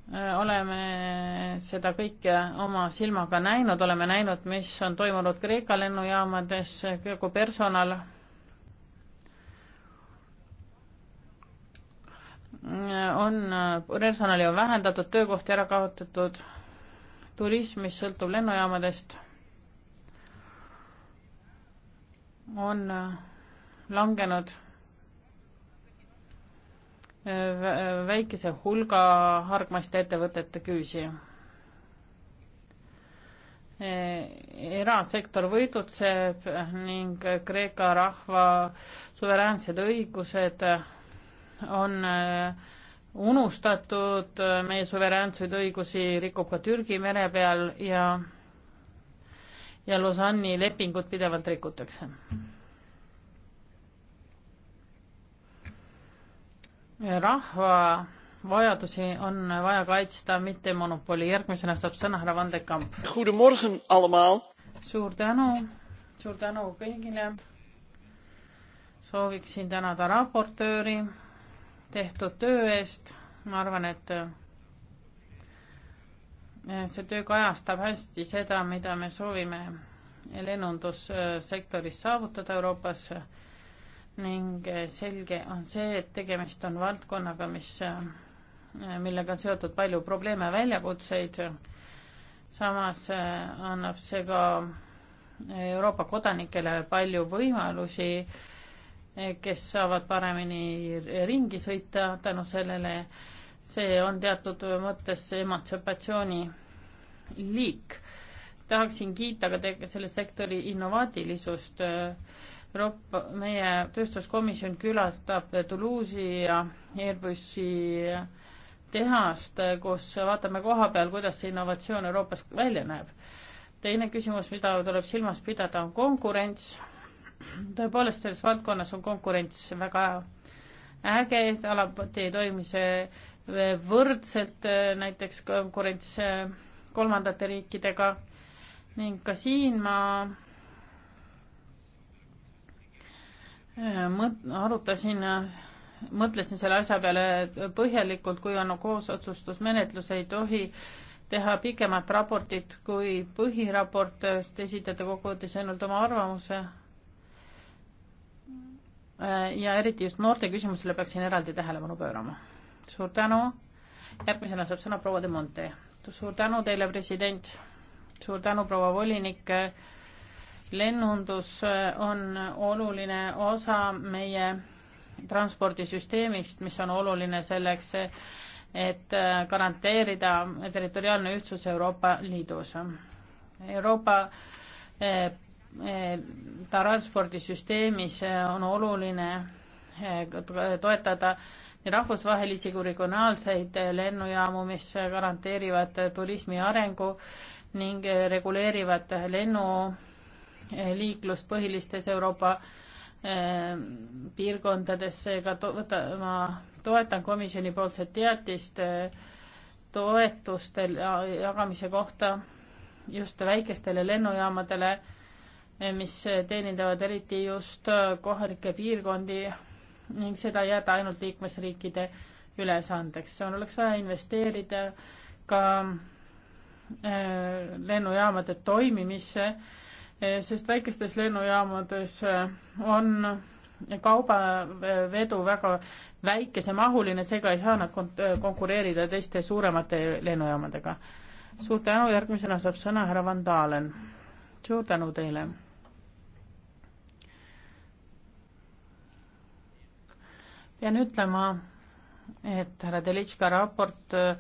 Äh, oleme seda kõike oma silmaga näinud, oleme näinud, mis on toimunud Kreeka lennujaamades, kogu personal äh, on, äh, personali on vähendatud, töökohti ära kaotatud, turism, mis sõltub lennujaamadest, on langenud väikese hulga hargmaiste ettevõtete küüsi. E, erasektor võidutseb ning Kreeka rahva suveräänsed õigused on e, unustatud, meie suveräänseid õigusi rikub ka Türgi mere peal ja ja Lausanne'i lepingut pidevalt rikutakse rahva vajadusi on vaja kaitsta, mitte monopoli. järgmisena saab sõna härra Vandekamp. suur tänu, suur tänu kõigile. sooviksin tänada raportööri tehtud töö eest. ma arvan, et eh, see töö kajastab hästi seda, mida me soovime lennundussektoris saavutada Euroopas ning eh, selge on see, et tegemist on valdkonnaga, mis, eh, millega on seotud palju probleeme ja väljakutseid. samas eh, annab see ka Euroopa kodanikele palju võimalusi, kes saavad paremini ringi sõita tänu sellele. see on teatud mõttes emantsipatsiooni liik. tahaksin kiita ka selle sektori innovaatilisust äh, Euroopa, meie tööstuskomisjon külastab Toulouse'i ja Airbusi tehast, kus vaatame koha peal, kuidas see innovatsioon Euroopas välja näeb. teine küsimus, mida tuleb silmas pidada, on konkurents. tõepoolest, selles valdkonnas on konkurents väga äge, alati ei toimi see võrdselt, näiteks konkurents kolmandate riikidega ning ka siin ma mõt-, arutasin, mõtlesin selle asja peale põhjalikult, kui on koosotsustusmenetlus, ei tohi teha pikemat raportit kui põhiraport, sest esitate kokkuvõttes ainult oma arvamuse. ja eriti just noorte küsimusele peaksin eraldi tähelepanu pöörama. suur tänu, järgmisena saab sõna proua De Monte. suur tänu teile, president, suur tänu, proua volinik lennundus äh, on oluline osa meie transpordisüsteemist, mis on oluline selleks, et äh, garanteerida territoriaalne ühtsus Euroopa Liidus. Euroopa äh, transpordisüsteemis on oluline toetada nii rahvusvahelisi kui regionaalseid lennujaamu, mis garanteerivad turismi arengu ning reguleerivad lennu liiklust põhilistes Euroopa ehm, piirkondades, seega to-, võta-, ma toetan komisjoni poolset teatist eh, toetuste jagamise kohta just väikestele lennujaamadele, eh, mis teenindavad eriti just eh, kohalikke piirkondi ning seda jääda ainult liikmesriikide ülesandeks. seal oleks vaja investeerida ka lennujaamade toimimisse sest väikestes lennujaamades eh, on kaubavedu väga väikesemahuline, seega ei saa nad eh, konkureerida teiste suuremate lennujaamadega. suur tänu, järgmisena saab sõna härra Van Dalen. suur tänu teile. pean ütlema, et härra Delitška raport eh,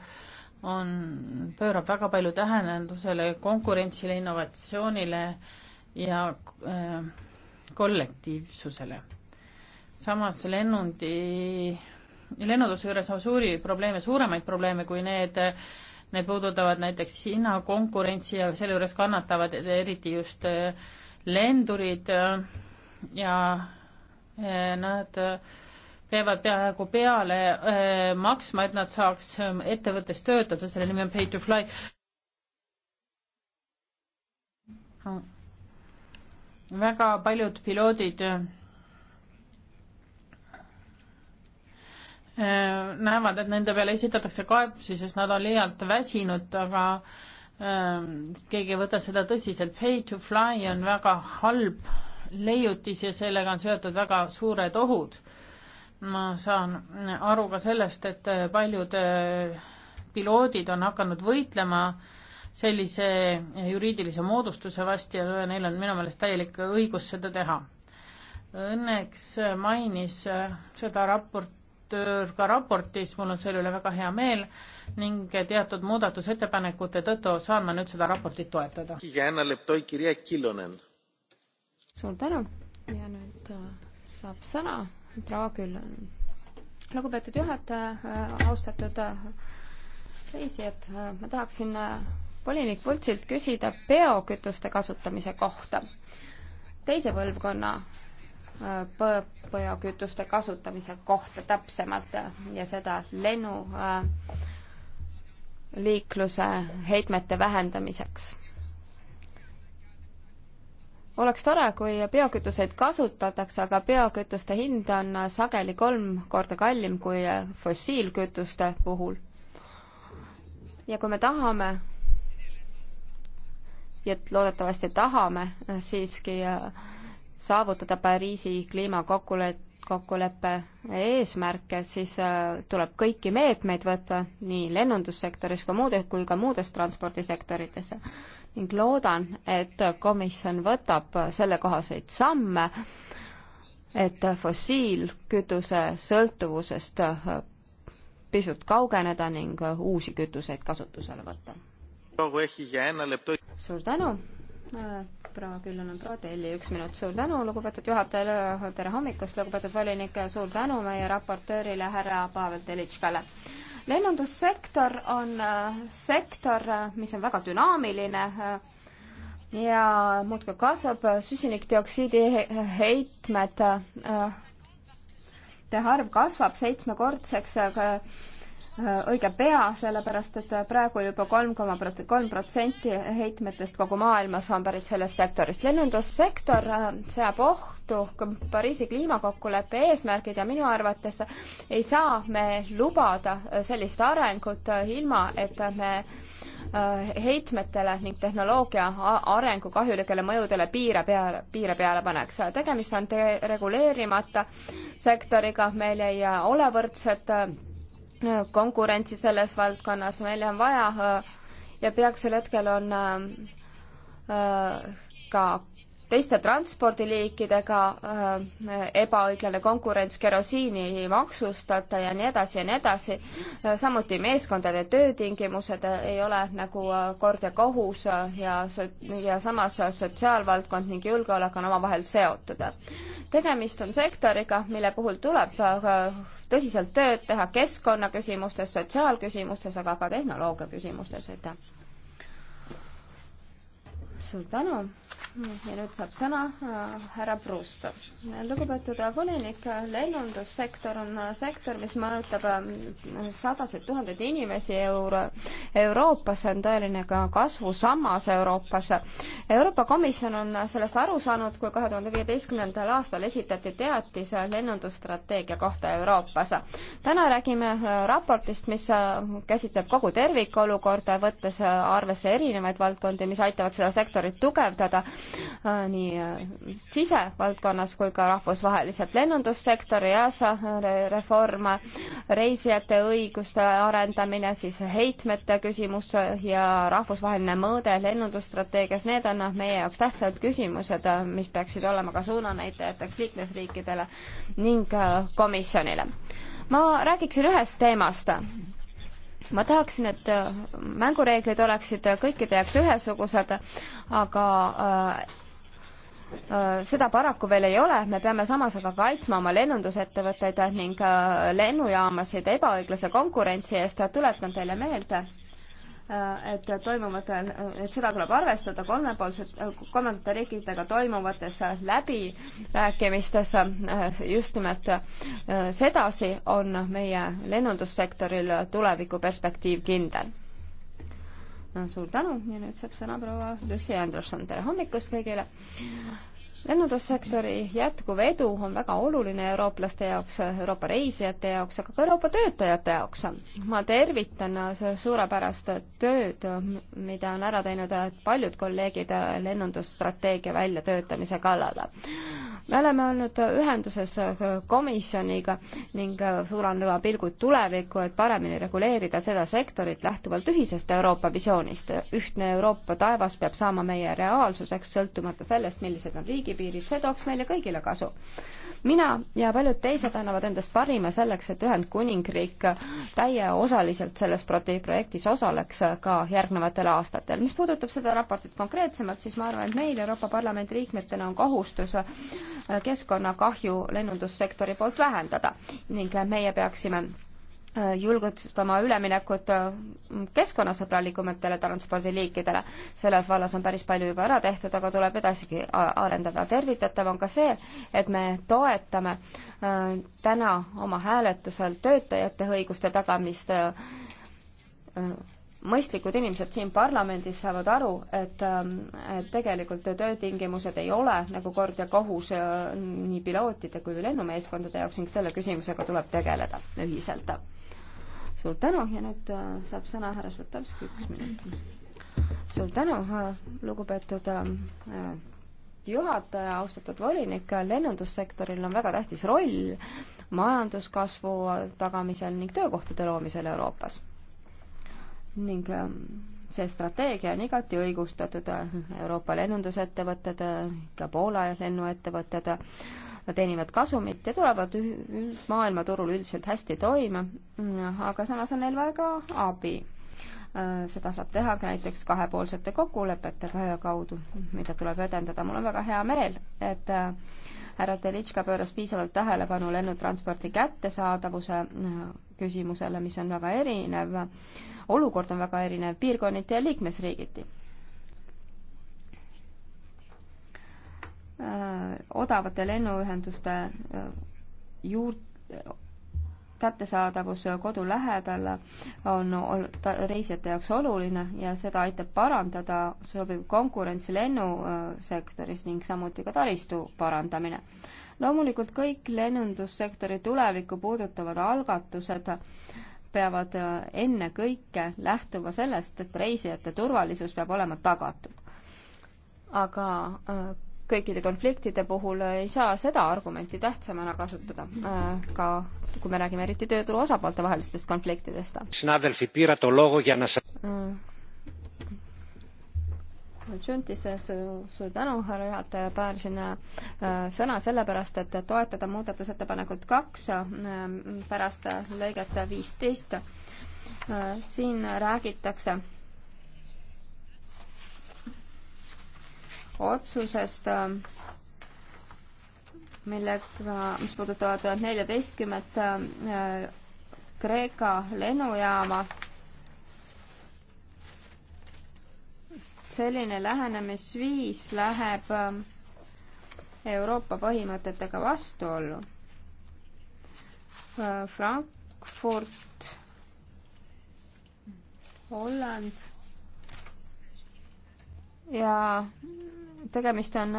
on, pöörab väga palju tähendusele konkurentsile, innovatsioonile äh, ja äh, kollektiivsusele. samas lennundi, lennunduse juures on suuri probleeme, suuremaid probleeme kui need, need puudutavad näiteks hinnakonkurentsi ja selle juures kannatavad eriti just äh, lendurid äh, ja nad peavad peaaegu peale maksma, et nad saaks ähm, ettevõttes töötada, selle nimi on pay to fly no väga paljud piloodid äh, näevad, et nende peale esitatakse kaebusi, sest nad on liialt väsinud, aga äh, keegi ei võta seda tõsiselt. Pay to fly on väga halb leiutis ja sellega on seotud väga suured ohud. ma saan aru ka sellest, et äh, paljud piloodid on hakanud võitlema äh, sellise eh, juriidilise moodustuse vastu ja neil on minu meelest täielik õigus seda teha. Õnneks mainis eh, seda raportöör ka raportis, mul on selle üle väga hea meel ning teatud muudatusettepanekute tõttu saan ma nüüd seda raportit toetada. suur tänu ja nüüd eh, saab sõna proua Küllan. lugupeetud juhataja, austatud reisijad, ma tahaksin volinik Vultsilt küsida biokütuste kasutamise kohta, teise põlvkonna äh, biokütuste kasutamise kohta täpsemalt ja seda lennuliikluse äh, heitmete vähendamiseks oleks tore, kui biokütuseid kasutatakse, aga biokütuste hind on sageli kolm korda kallim kui fossiilkütuste puhul. ja kui me tahame ja loodetavasti tahame äh, siiski äh, saavutada Pariisi kliimakokkuleppe eesmärke, siis äh, tuleb kõiki meetmeid võtta nii lennundussektoris kui muude, kui ka muudes transpordisektorites. ning loodan, et komisjon võtab sellekohaseid samme, et fossiilkütuse sõltuvusest pisut kaugeneda ning uusi kütuseid kasutusele võtta suur tänu, äh, proua Küllane Praadeli, üks minut, suur tänu, lugupeetud juhataja, tere hommikust, lugupeetud volinik, suur tänu meie raportöörile, härra Pavel Telitškale lennundussektor on äh, sektor, äh, mis on väga dünaamiline ja muudkui kasvab, süsinikdioksiidi heitmed, arv kasvab seitsmekordseks, aga Äh, õige pea, sellepärast et äh, praegu juba kolm koma kolm protsenti heitmetest kogu maailmas on pärit sellest sektorist. lennundussektor äh, seab ohtu Pariisi kliimakokkuleppe eesmärgid ja minu arvates ei saa me lubada sellist arengut ilma, et me heitmetele ning tehnoloogia arengu kahjulikele mõjudele piire peale, piire peale paneks. tegemist on reguleerimata sektoriga, meil ei ole võrdset konkurentsi selles valdkonnas, meil on vaja äh, ja praegusel hetkel on äh, äh, ka teiste transpordiliikidega äh, ebaõiglane konkurents, kerosiini ei maksustata ja nii edasi ja nii edasi. Äh, samuti meeskondade töötingimused ei ole nagu äh, kord ja kohus ja, ja samas sotsiaalvaldkond ning julgeolek on omavahel seotud. tegemist on sektoriga, mille puhul tuleb tõsiselt tööd teha keskkonnaküsimustes, sotsiaalküsimustes, aga ka tehnoloogia küsimustes, aitäh suur tänu ja nüüd saab sõna äh, härra Pruusto. lugupeetud volinik, lennundussektor on sektor, mis mõjutab äh, sadasid tuhandeid inimesi euro-, Euroopas, see on tõeline ka kasvusammas Euroopas. Euroopa Komisjon on sellest aru saanud, kui kahe tuhande viieteistkümnendal aastal esitati teatis lennundusstrateegia kohta Euroopas. täna räägime äh, raportist, mis käsitleb kogu tervikolukorda, võttes arvesse erinevaid valdkondi, mis aitavad seda sektorit sektorit tugevdada äh, nii äh, sisevaldkonnas kui ka rahvusvaheliselt. lennundussektori EASA reform, reisijate õiguste arendamine, siis heitmete küsimus ja rahvusvaheline mõõde lennundusstrateegias, need on noh, meie jaoks tähtsad küsimused, äh, mis peaksid olema ka suunanäitajateks liikmesriikidele ning komisjonile. ma räägiksin ühest teemast ma tahaksin, et äh, mängureeglid oleksid kõikide jaoks ühesugused, aga äh, äh, seda paraku veel ei ole, me peame samas aga kaitsma oma lennundusettevõtteid ning lennujaamasid ebaõiglase konkurentsi eest, tuletan teile meelde, Äh, et toimuvad, äh, et seda tuleb arvestada kolmepoolset, äh, kolmandate riikidega toimuvates läbirääkimistes. just nimelt sedasi on meie lennundussektoril tulevikuperspektiiv kindel. suur tänu ja nüüd saab sõna proua Lucy Anderson, tere hommikust kõigile! lennundussektori jätkuv edu on väga oluline eurooplaste jaoks, Euroopa reisijate jaoks, aga ka Euroopa töötajate jaoks. ma tervitan suurepärast tööd, mida on ära teinud paljud kolleegid lennundusstrateegia väljatöötamise kallal me oleme olnud ühenduses komisjoniga ning suunanud pilgud tulevikku, et paremini reguleerida seda sektorit lähtuvalt ühisest Euroopa visioonist. ühtne Euroopa taevas peab saama meie reaalsuseks, sõltumata sellest, millised on riigipiirid, see tooks meile kõigile kasu mina ja paljud teised annavad endast parima selleks, et Ühendkuningriik täieosaliselt selles projektis osaleks ka järgnevatel aastatel. mis puudutab seda raportit konkreetsemalt, siis ma arvan, et meil Euroopa Parlamendi liikmetena on kohustus keskkonnakahju lennundussektori poolt vähendada ning meie peaksime julgustama üleminekut äh, keskkonnasõbralikumatele transpordiliikidele. selles vallas on päris palju juba ära tehtud, aga tuleb edasigi arendada. tervitatav on ka see, et me toetame äh, täna oma hääletusel töötajate õiguste tagamist äh, mõistlikud inimesed siin parlamendis saavad aru, et, ähm, et tegelikult töötingimused ei ole nagu kord ja kohus äh, nii pilootide kui lennumeeskondade jaoks ning selle küsimusega tuleb tegeleda ühiselt. suur tänu ja nüüd äh, saab sõna härra Sutovski, üks minut. suur tänu, äh, lugupeetud ähm, juhataja, austatud volinik, lennundussektoril on väga tähtis roll majanduskasvu tagamisel ning töökohtade loomisel Euroopas ning ähm, see strateegia on igati õigustatud, Euroopa lennundusettevõtted, ka Poola lennuettevõtted teenivad kasumit ja tulevad maailmaturul üldiselt hästi toime, aga samas on neil vaja ka abi. seda saab teha ka näiteks kahepoolsete kokkulepete kaudu, mida tuleb edendada. mul on väga hea meel, et härra Delitška pööras piisavalt tähelepanu lennutranspordi kättesaadavuse äh, küsimusele, mis on väga erinev, olukord on väga erinev piirkonniti ja liikmesriigiti. Äh, odavate lennuühenduste äh, juurde kättesaadavus kodu lähedal on reisijate jaoks oluline ja seda aitab parandada sobiv konkurents lennusektoris ning samuti ka taristu parandamine. loomulikult kõik lennundussektori tulevikku puudutavad algatused peavad ennekõike lähtuma sellest, et reisijate turvalisus peab olema tagatud. aga äh, kõikide konfliktide puhul ei saa seda argumenti tähtsamana kasutada, äh, ka kui me räägime eriti tööturu osapoolte vahelistest konfliktidest. Tšuntisse äh, suur tänu, härra juhataja, paarisin äh, sõna sellepärast, et toetada muudatusettepanekut kaks pärast lõiget viisteist. siin räägitakse otsusest, ähm, millega, mis puudutavad neljateistkümmet ähm, äh, Kreeka lennujaama. selline lähenemisviis läheb ähm, Euroopa põhimõtetega vastuollu. Äh, Frankfurt, Holland ja tegemist on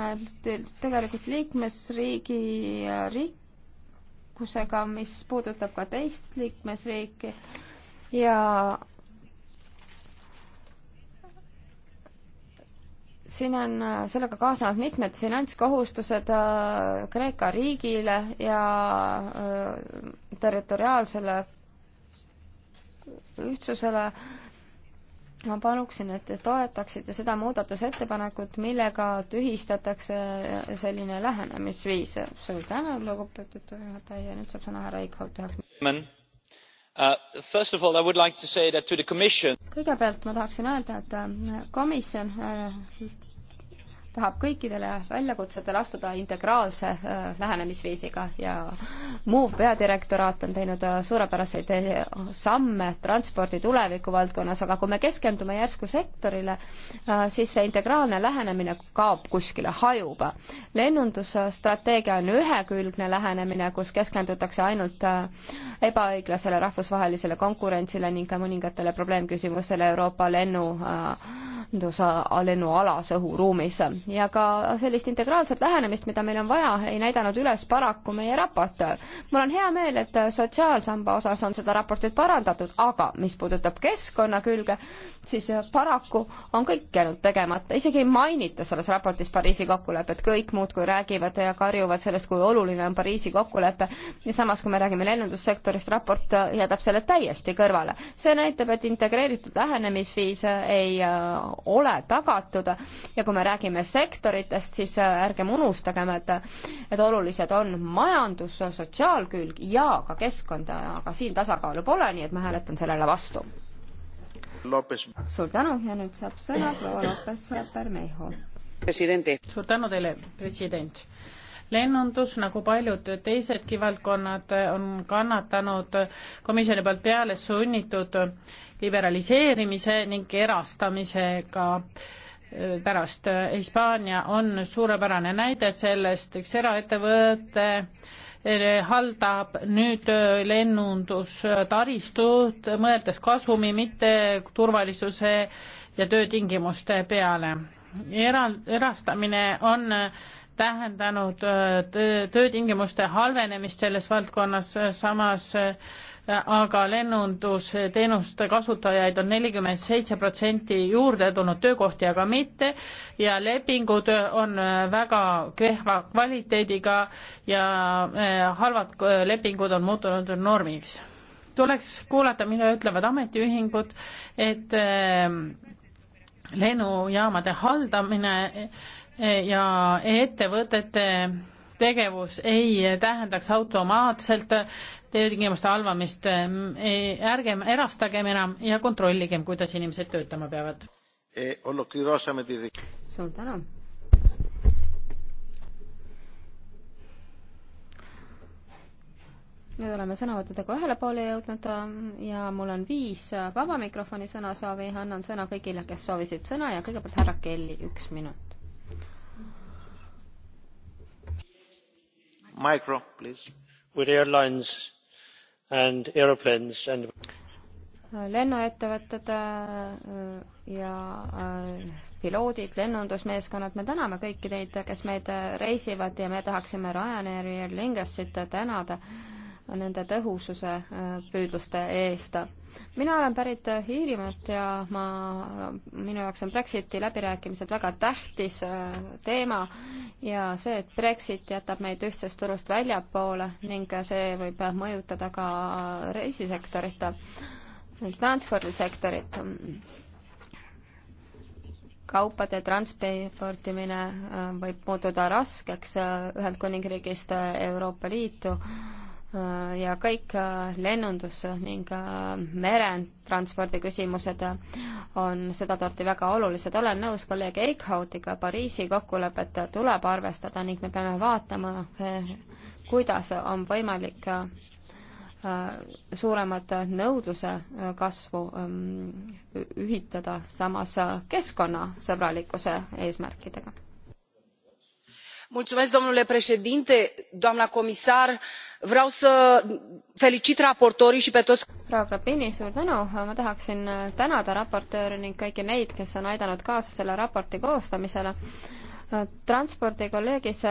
tegelikult liikmesriigi äh, rikkusega, mis puudutab ka teist liikmesriiki ja siin on äh, sellega kaasnevad mitmed finantskohustused äh, Kreeka riigile ja territoriaalsele ühtsusele ma paluksin, et te toetaksite seda muudatusettepanekut, millega tühistatakse selline lähenemisviis. suur tänu, lugupeetud juhataja, nüüd saab sõna härra Eichholt üheks minutiks. Uh, kõigepealt ma tahaksin öelda, et uh, komisjon uh, tahab kõikidele väljakutsetele astuda integraalse äh, lähenemisviisiga ja MOVE peadirektoraat on teinud äh, suurepäraseid äh, samme transpordi tuleviku valdkonnas, aga kui me keskendume järsku sektorile, siis see integraalne lähenemine kaob kuskile, hajub. lennundusstrateegia on ühekülgne lähenemine, kus keskendutakse ainult ebaõiglasele rahvusvahelisele konkurentsile ning mõningatele probleemküsimustele Euroopa lennu lennualas õhuruumis ja ka sellist integraalset lähenemist, mida meil on vaja, ei näidanud üles paraku meie raportöör. mul on hea meel, et sotsiaalsamba osas on seda raportit parandatud, aga mis puudutab keskkonna külge, siis paraku on kõik jäänud tegemata, isegi ei mainita selles raportis Pariisi kokkulepet, kõik muudkui räägivad ja karjuvad sellest, kui oluline on Pariisi kokkulepe ja samas, kui me räägime lennundussektorist, raport jätab selle täiesti kõrvale. see näitab, et integreeritud lähenemisviis ei äh, ole tagatud ja kui me räägime sektoritest, siis äh, ärgem unustagem, et et olulised on majandus, sotsiaalkülg ja ka keskkond, aga siin tasakaalu pole, nii et ma hääletan sellele vastu. suur tänu ja nüüd saab sõna proua Lopes Bermejo. suur tänu teile, president lennundus, nagu paljud teisedki valdkonnad, on kannatanud komisjoni poolt peale sunnitud liberaliseerimise ning erastamisega äh, pärast. Hispaania on suurepärane näide sellest, üks eraettevõte eh, haldab nüüd eh, lennundustaristut, mõeldes kasumi, mitte turvalisuse ja töötingimuste peale. Era-, erastamine on eh, tähendanud töö, töötingimuste halvenemist selles valdkonnas, samas äh, aga lennundusteenuste kasutajaid on nelikümmend seitse protsenti juurde tulnud, töökohti aga mitte ja lepingud on väga kehva kvaliteediga ja eh, halvad eh, lepingud on muutunud normiks. tuleks kuulata, mida ütlevad ametiühingud, et eh, lennujaamade haldamine ja ettevõtete tegevus ei tähendaks automaatselt töötingimuste halvamist, ehm, e, ärgem erastagem enam ja kontrolligem, kuidas inimesed töötama peavad. E, suur tänu. nüüd oleme sõnavõttudega ühele poole jõudnud ehm, ja mul on viis äh, vaba mikrofoni sõnasoovi, annan sõna kõigile, kes soovisid sõna ja kõigepealt härra Kelly, üks minut. Micro, please. With airlines and aeroplanes and lennuettevõtted äh, ja äh, piloodid, lennundusmeeskonnad, me täname kõiki neid, kes meid reisivad ja me tahaksime Ryanairi ja Lingussit tänada nende tõhususe äh, püüdluste eest mina olen pärit Iirimaalt ja ma, minu jaoks on Brexiti läbirääkimised väga tähtis äh, teema ja see, et Brexit jätab meid ühtsest turust väljapoole ning see võib mõjutada ka reisisektorit, transpordisektorit. kaupade transportimine äh, võib muutuda raskeks äh, Ühendkuningriigist Euroopa Liitu Äh, ja kõik äh, lennundus ning äh, meretranspordi küsimused on sedatorti väga olulised. olen nõus kolleeg Eichhautiga, Pariisi kokkulepet tuleb arvestada ning me peame vaatama, kuidas on võimalik suuremat nõudluse kasvu ähm, ühitada samas keskkonnasõbralikkuse eesmärkidega domnule președinte doamnă comisar vreau să felicit raportorii și pe toți. proua grapini suur tänu ma tahaksin tänada raportööri ning kõiki neid kes on aidanud kaasa selle raporti koostamisele transpordikolleegis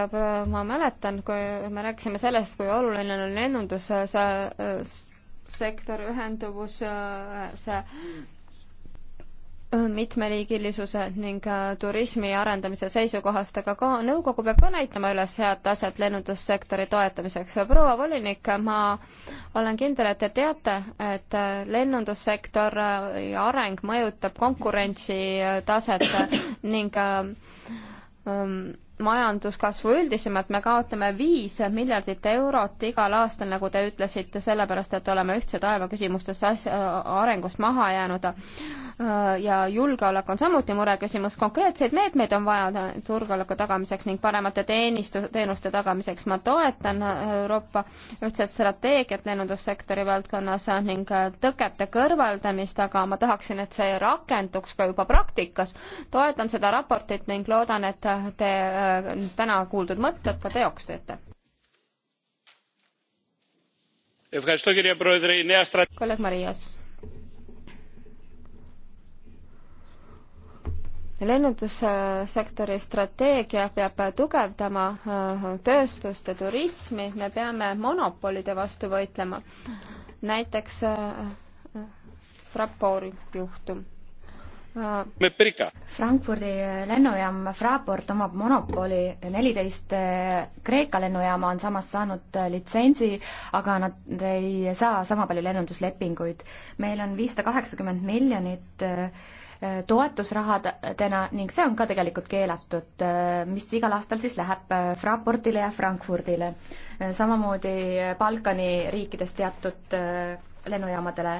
ma mäletan kui me rääkisime sellest kui oluline on lennundussektor ühenduvus see mitmeliigilisuse ning äh, turismi arendamise seisukohast, aga ka nõukogu peab ka näitama üles head taset lennundussektori toetamiseks. proua volinik, ma olen kindel, et te teate, et äh, lennundussektor äh, ja areng mõjutab konkurentsitaset ning ähm, majanduskasvu üldisemalt, me kaotame viis miljardit eurot igal aastal, nagu te ütlesite, sellepärast et oleme ühtse taeva küsimustes asja, arengust maha jäänud. ja julgeolek on samuti mureküsimus, konkreetseid meetmeid on vaja julgeoleku tagamiseks ning paremate teenistu-, teenuste tagamiseks. ma toetan Euroopa ühtset strateegiat lennundussektori valdkonnas ning tõkete kõrvaldamist, aga ma tahaksin, et see rakenduks ka juba praktikas. toetan seda raportit ning loodan, et te täna kuuldud mõtted ka teoks teete? kolleeg Marias. lennundussektori strateegia peab tugevdama äh, tööstust ja turismi, me peame monopolide vastu võitlema. näiteks äh, äh, Frapori juhtum Äh, Frankfurdi lennujaam Fraport omab monopoli, neliteist äh, Kreeka lennujaama on samas saanud äh, litsentsi, aga nad ei saa sama palju lennunduslepinguid. meil on viissada kaheksakümmend miljonit toetusrahadena ning see on ka tegelikult keelatud, mis igal aastal siis läheb Fraportile ja Frankfurdile. samamoodi Balkani riikides teatud lennujaamadele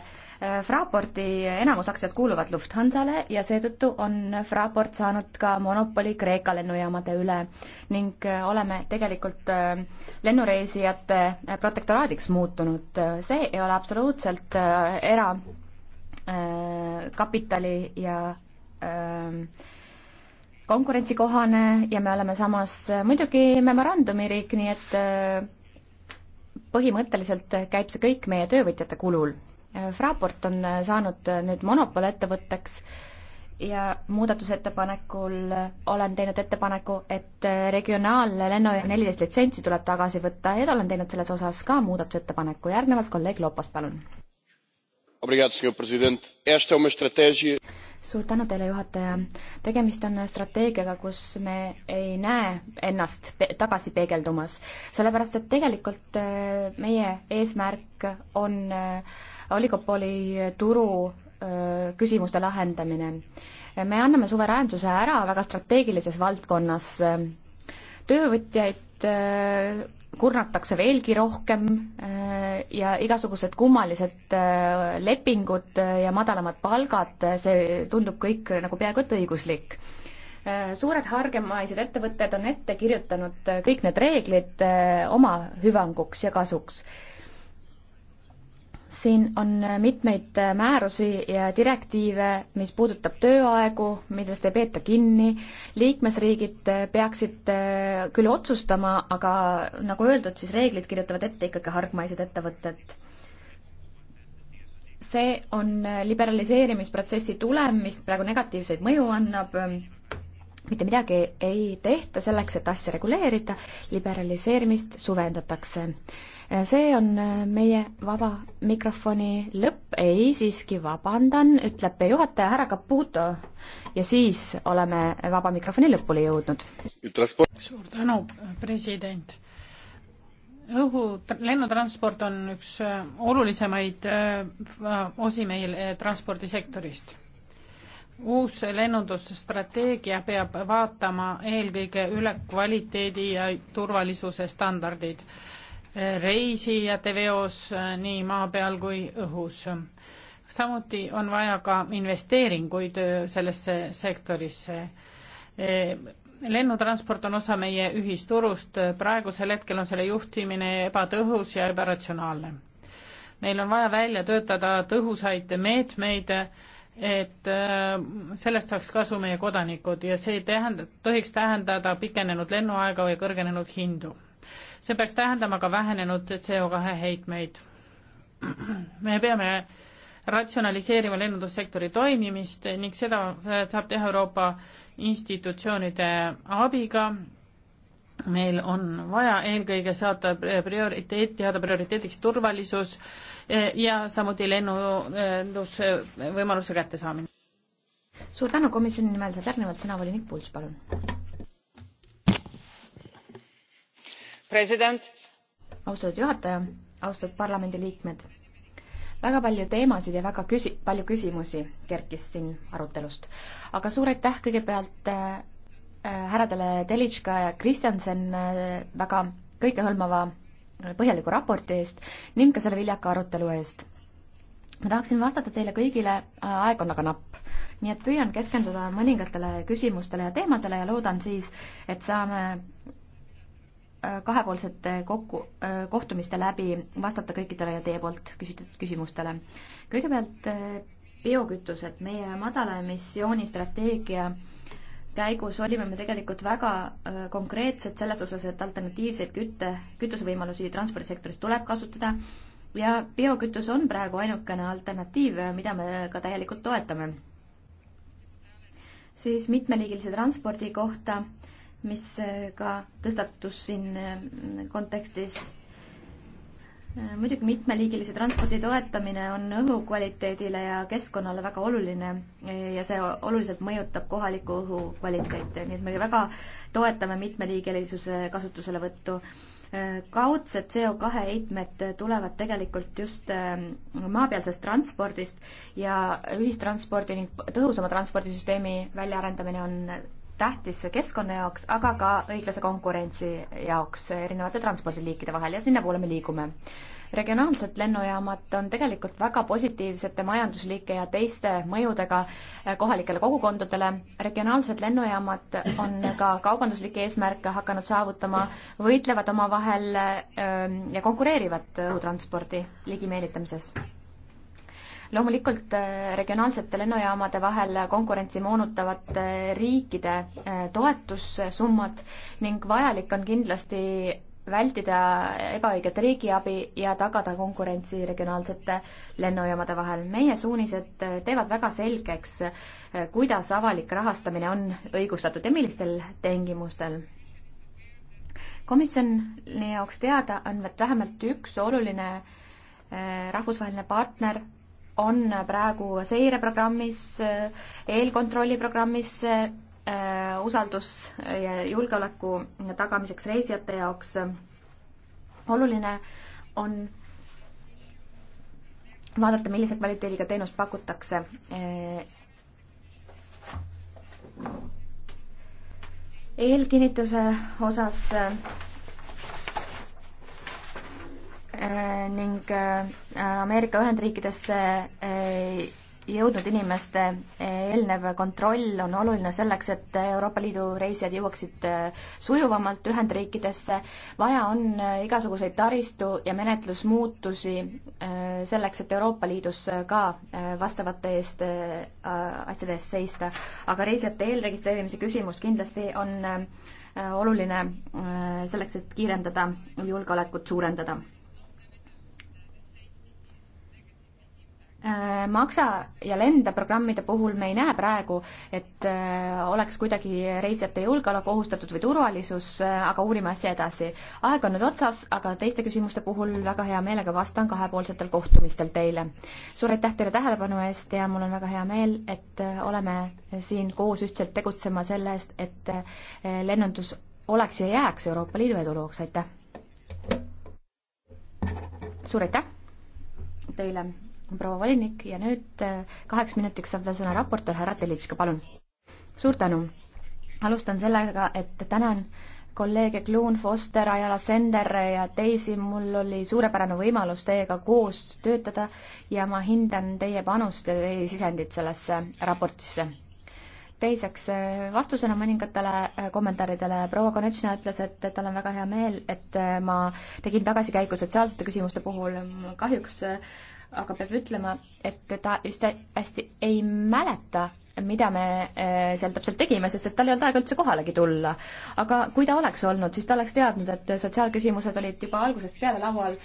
Fraporti enamusaktsiad kuuluvad Lufthansale ja seetõttu on Fraport saanud ka monopoli Kreeka lennujaamade üle ning äh, oleme tegelikult äh, lennureisijate äh, protektoraadiks muutunud. see ei ole absoluutselt erakapitali ja konkurentsikohane ja me oleme samas muidugi memorandumi riik, nii et põhimõtteliselt käib see kõik meie töövõtjate kulul. Äh, raport on äh, saanud äh, nüüd monopolettevõtteks ja muudatusettepanekul olen teinud ettepaneku, et regionaalne lennujaam neliteist litsentsi tuleb tagasi võtta ja olen teinud selles osas ka muudatusettepaneku. järgnevalt kolleeg Lopas, palun. suur tänu teile, juhataja. tegemist on strateegiaga, kus me ei näe ennast pe tagasi peegeldumas, sellepärast et tegelikult meie eesmärk on äh, oligopoli turu küsimuste lahendamine. me anname suveräänsuse ära väga strateegilises valdkonnas. töövõtjaid kurnatakse veelgi rohkem ja igasugused kummalised lepingud ja madalamad palgad, see tundub kõik nagu peaaegu et õiguslik. suured hargemaised ettevõtted on ette kirjutanud kõik need reeglid oma hüvanguks ja kasuks siin on äh, mitmeid äh, määrusi ja direktiive, mis puudutab tööaegu, millest ei peeta kinni. liikmesriigid äh, peaksid küll otsustama, aga nagu öeldud, siis reeglid kirjutavad ette ikkagi hargmaised ettevõtted. see on liberaliseerimisprotsessi tulem, mis praegu negatiivseid mõju annab mitte midagi ei tehta selleks, et asja reguleerida, liberaliseerimist suvendatakse see on äh, meie vaba mikrofoni lõpp, ei siiski vabandan, ütleb juhataja härra Caputo ja siis oleme vaba mikrofoni lõpule jõudnud. suur tänu, president. õhu, lennutransport on üks äh, olulisemaid äh, osi meil transpordisektorist. uus lennundusstrateegia peab vaatama eelkõige üle kvaliteedi ja turvalisuse standardid reisijate veos äh, nii maa peal kui õhus. samuti on vaja ka investeeringuid äh, sellesse sektorisse. Äh, lennutransport on osa meie ühisturust, praegusel hetkel on selle juhtimine ebatõhus ja ebaratsionaalne. meil on vaja välja töötada tõhusaid meetmeid, et sellest saaks kasu meie kodanikud ja see ei tähenda, tohiks tähendada pikenenud lennuaega või kõrgenenud hindu see peaks tähendama ka vähenenud CO2 heitmeid. me peame ratsionaliseerima lennundussektori toimimist ning seda saab teha Euroopa institutsioonide abiga. meil on vaja eelkõige saata prioriteet, teada prioriteediks turvalisus ja samuti lennundusvõimaluse kättesaamine. suur tänu komisjoni nimel, saab järgnevalt sõna volinik Puls, palun austatud juhataja, austatud parlamendiliikmed. väga palju teemasid ja väga küsi-, palju küsimusi kerkis siin arutelust. aga suur aitäh kõigepealt äh, äh härradele Telitška ja Kristjansen äh, väga kõikehõlmava äh, põhjaliku raporti eest ning ka selle viljaka arutelu eest. ma tahaksin vastata teile kõigile, äh, aeg on aga napp. nii et püüan keskenduda mõningatele küsimustele ja teemadele ja loodan siis, et saame kahepoolsete kokku, kohtumiste läbi vastata kõikidele teie poolt küsitud küsimustele. kõigepealt biokütused, meie madala emissiooni strateegia käigus olime me tegelikult väga konkreetsed selles osas, et alternatiivseid kütte, kütusevõimalusi transpordisektoris tuleb kasutada ja biokütus on praegu ainukene alternatiiv, mida me ka täielikult toetame. siis mitmeliigilise transpordi kohta mis äh, ka tõstatus siin äh, kontekstis. Äh, muidugi mitmeliigilise transpordi toetamine on õhukvaliteedile ja keskkonnale väga oluline ja see oluliselt mõjutab kohalikku õhukvaliteeti, nii et me väga toetame mitmeliigilisuse kasutuselevõttu kaudsed CO2 heitmed tulevad tegelikult just maapealsest transpordist ja ühistranspordi ning tõhusama transpordisüsteemi väljaarendamine on tähtis keskkonna jaoks, aga ka õiglase konkurentsi jaoks erinevate transpordiliikide vahel ja sinnapoole me liigume. regionaalsed lennujaamad on tegelikult väga positiivsete majanduslike ja teiste mõjudega kohalikele kogukondadele. regionaalsed lennujaamad on ka kaubanduslikke eesmärke hakanud saavutama, võitlevad omavahel ähm, ja konkureerivad õhutranspordi ligimeelitamises loomulikult äh, regionaalsete lennujaamade vahel konkurentsi moonutavad riikide äh, toetussummad ning vajalik on kindlasti vältida ebaõiget riigiabi ja tagada konkurentsi regionaalsete lennujaamade vahel. meie suunised äh, teevad väga selgeks, kuidas avalik rahastamine on õigustatud ja millistel tingimustel komisjoni jaoks teada on, et vähemalt üks oluline rahvusvaheline partner on praegu seireprogrammis, eelkontrolli programmis äh, usaldus ja julgeoleku tagamiseks reisijate jaoks oluline on vaadata, millise kvaliteediga teenust pakutakse. Äh, eelkinnituse osas äh, Äh, ning äh, Ameerika Ühendriikidesse äh, jõudnud inimeste eelnev kontroll on oluline selleks, et Euroopa Liidu reisijad jõuaksid sujuvamalt Ühendriikidesse. vaja on igasuguseid taristu ja menetlusmuutusi selleks, et Euroopa Liidus ka vastavate eest, asjade eest seista. aga reisijate eelregistreerimise küsimus kindlasti on oluline selleks, et kiirendada julgeolekut, suurendada Äh, maksa ja lenda programmide puhul me ei näe praegu, et äh, oleks kuidagi reisijate julgeolek ohustatud või turvalisus, äh, aga uurime asja edasi. aeg on nüüd otsas, aga teiste küsimuste puhul väga hea meelega vastan kahepoolsetel kohtumistel teile. suur aitäh teile tähelepanu eest ja mul on väga hea meel, et oleme siin koos ühtselt tegutsema selle eest, et lennundus oleks ja jääks Euroopa Liidu edulooks, aitäh! suur aitäh teile! proua volinik ja nüüd eh, kaheks minutiks saab veel sõna raportöör härra Telitška, palun. suur tänu. alustan sellega, et tänan kolleege Kluun, Foster, Ajala Sender ja teisi, mul oli suurepärane võimalus teiega koos töötada ja ma hindan teie panust ja teie sisendit sellesse raportisse teiseks, eh, vastusena mõningatele eh, kommentaaridele proua Konechina ütles, et tal on väga hea meel, et ma tegin tagasikäiku sotsiaalsete küsimuste puhul, mul kahjuks aga peab ütlema, et ta vist hästi ei mäleta, mida me äh, seal täpselt tegime, sest et tal ei olnud aega üldse kohalegi tulla. aga kui ta oleks olnud, siis ta oleks teadnud, et sotsiaalküsimused olid juba algusest peale laual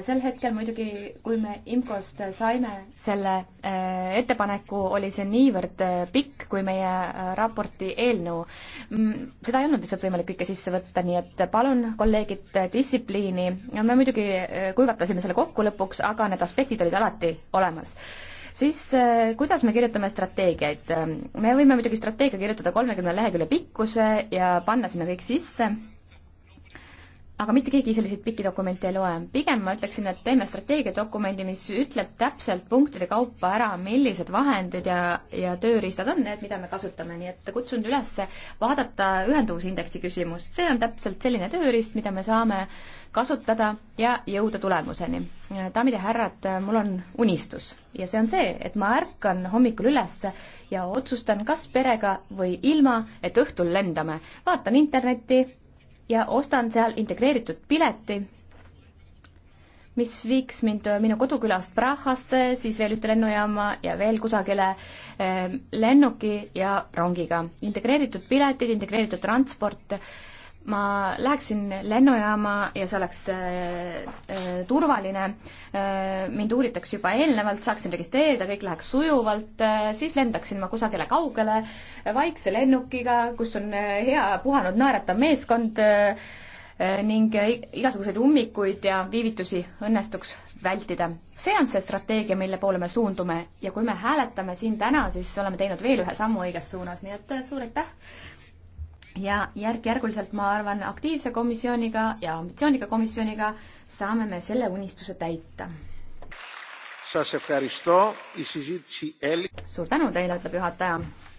sel hetkel muidugi, kui me IMCO-st saime selle äh, ettepaneku, oli see niivõrd äh, pikk kui meie äh, raporti eelnõu. Mm, seda ei olnud lihtsalt võimalik kõike sisse võtta, nii et palun, kolleegid, distsipliini. me muidugi kuivatasime selle kokku lõpuks, aga need aspektid olid alati olemas siis kuidas me kirjutame strateegiaid? me võime muidugi strateegia kirjutada kolmekümne lehekülje pikkuse ja panna sinna kõik sisse aga mitte keegi selliseid pikki dokumente ei loe. pigem ma ütleksin, et teeme strateegiadokumendi, mis ütleb täpselt punktide kaupa ära, millised vahendid ja, ja tööriistad on need, mida me kasutame, nii et kutsun üles vaadata ühenduvusindeksi küsimust. see on täpselt selline tööriist, mida me saame kasutada ja jõuda tulemuseni. daamid ja härrad, mul on unistus ja see on see, et ma ärkan hommikul üles ja otsustan, kas perega või ilma, et õhtul lendame. vaatan internetti ja ostan seal integreeritud pileti, mis viiks mind äh, minu kodukülast Prahasse, siis veel ühte lennujaama ja veel kusagile äh, lennuki ja rongiga. integreeritud piletid, integreeritud transport ma läheksin lennujaama ja see oleks äh, äh, turvaline äh,, mind uuritaks juba eelnevalt, saaksin registreerida, kõik läheks sujuvalt äh,, siis lendaksin ma kusagile kaugele vaikse lennukiga, kus on äh, hea puhanud naeratav meeskond äh, äh, ning äh, igasuguseid ummikuid ja viivitusi õnnestuks vältida. see on see strateegia, mille poole me suundume ja kui me hääletame siin täna, siis oleme teinud veel ühe sammu õiges suunas, nii et äh, suur aitäh ja järk-järguliselt, ma arvan, aktiivse komisjoniga ja ambitsioonika komisjoniga saame me selle unistuse täita. suur tänu teile, ütleb juhataja.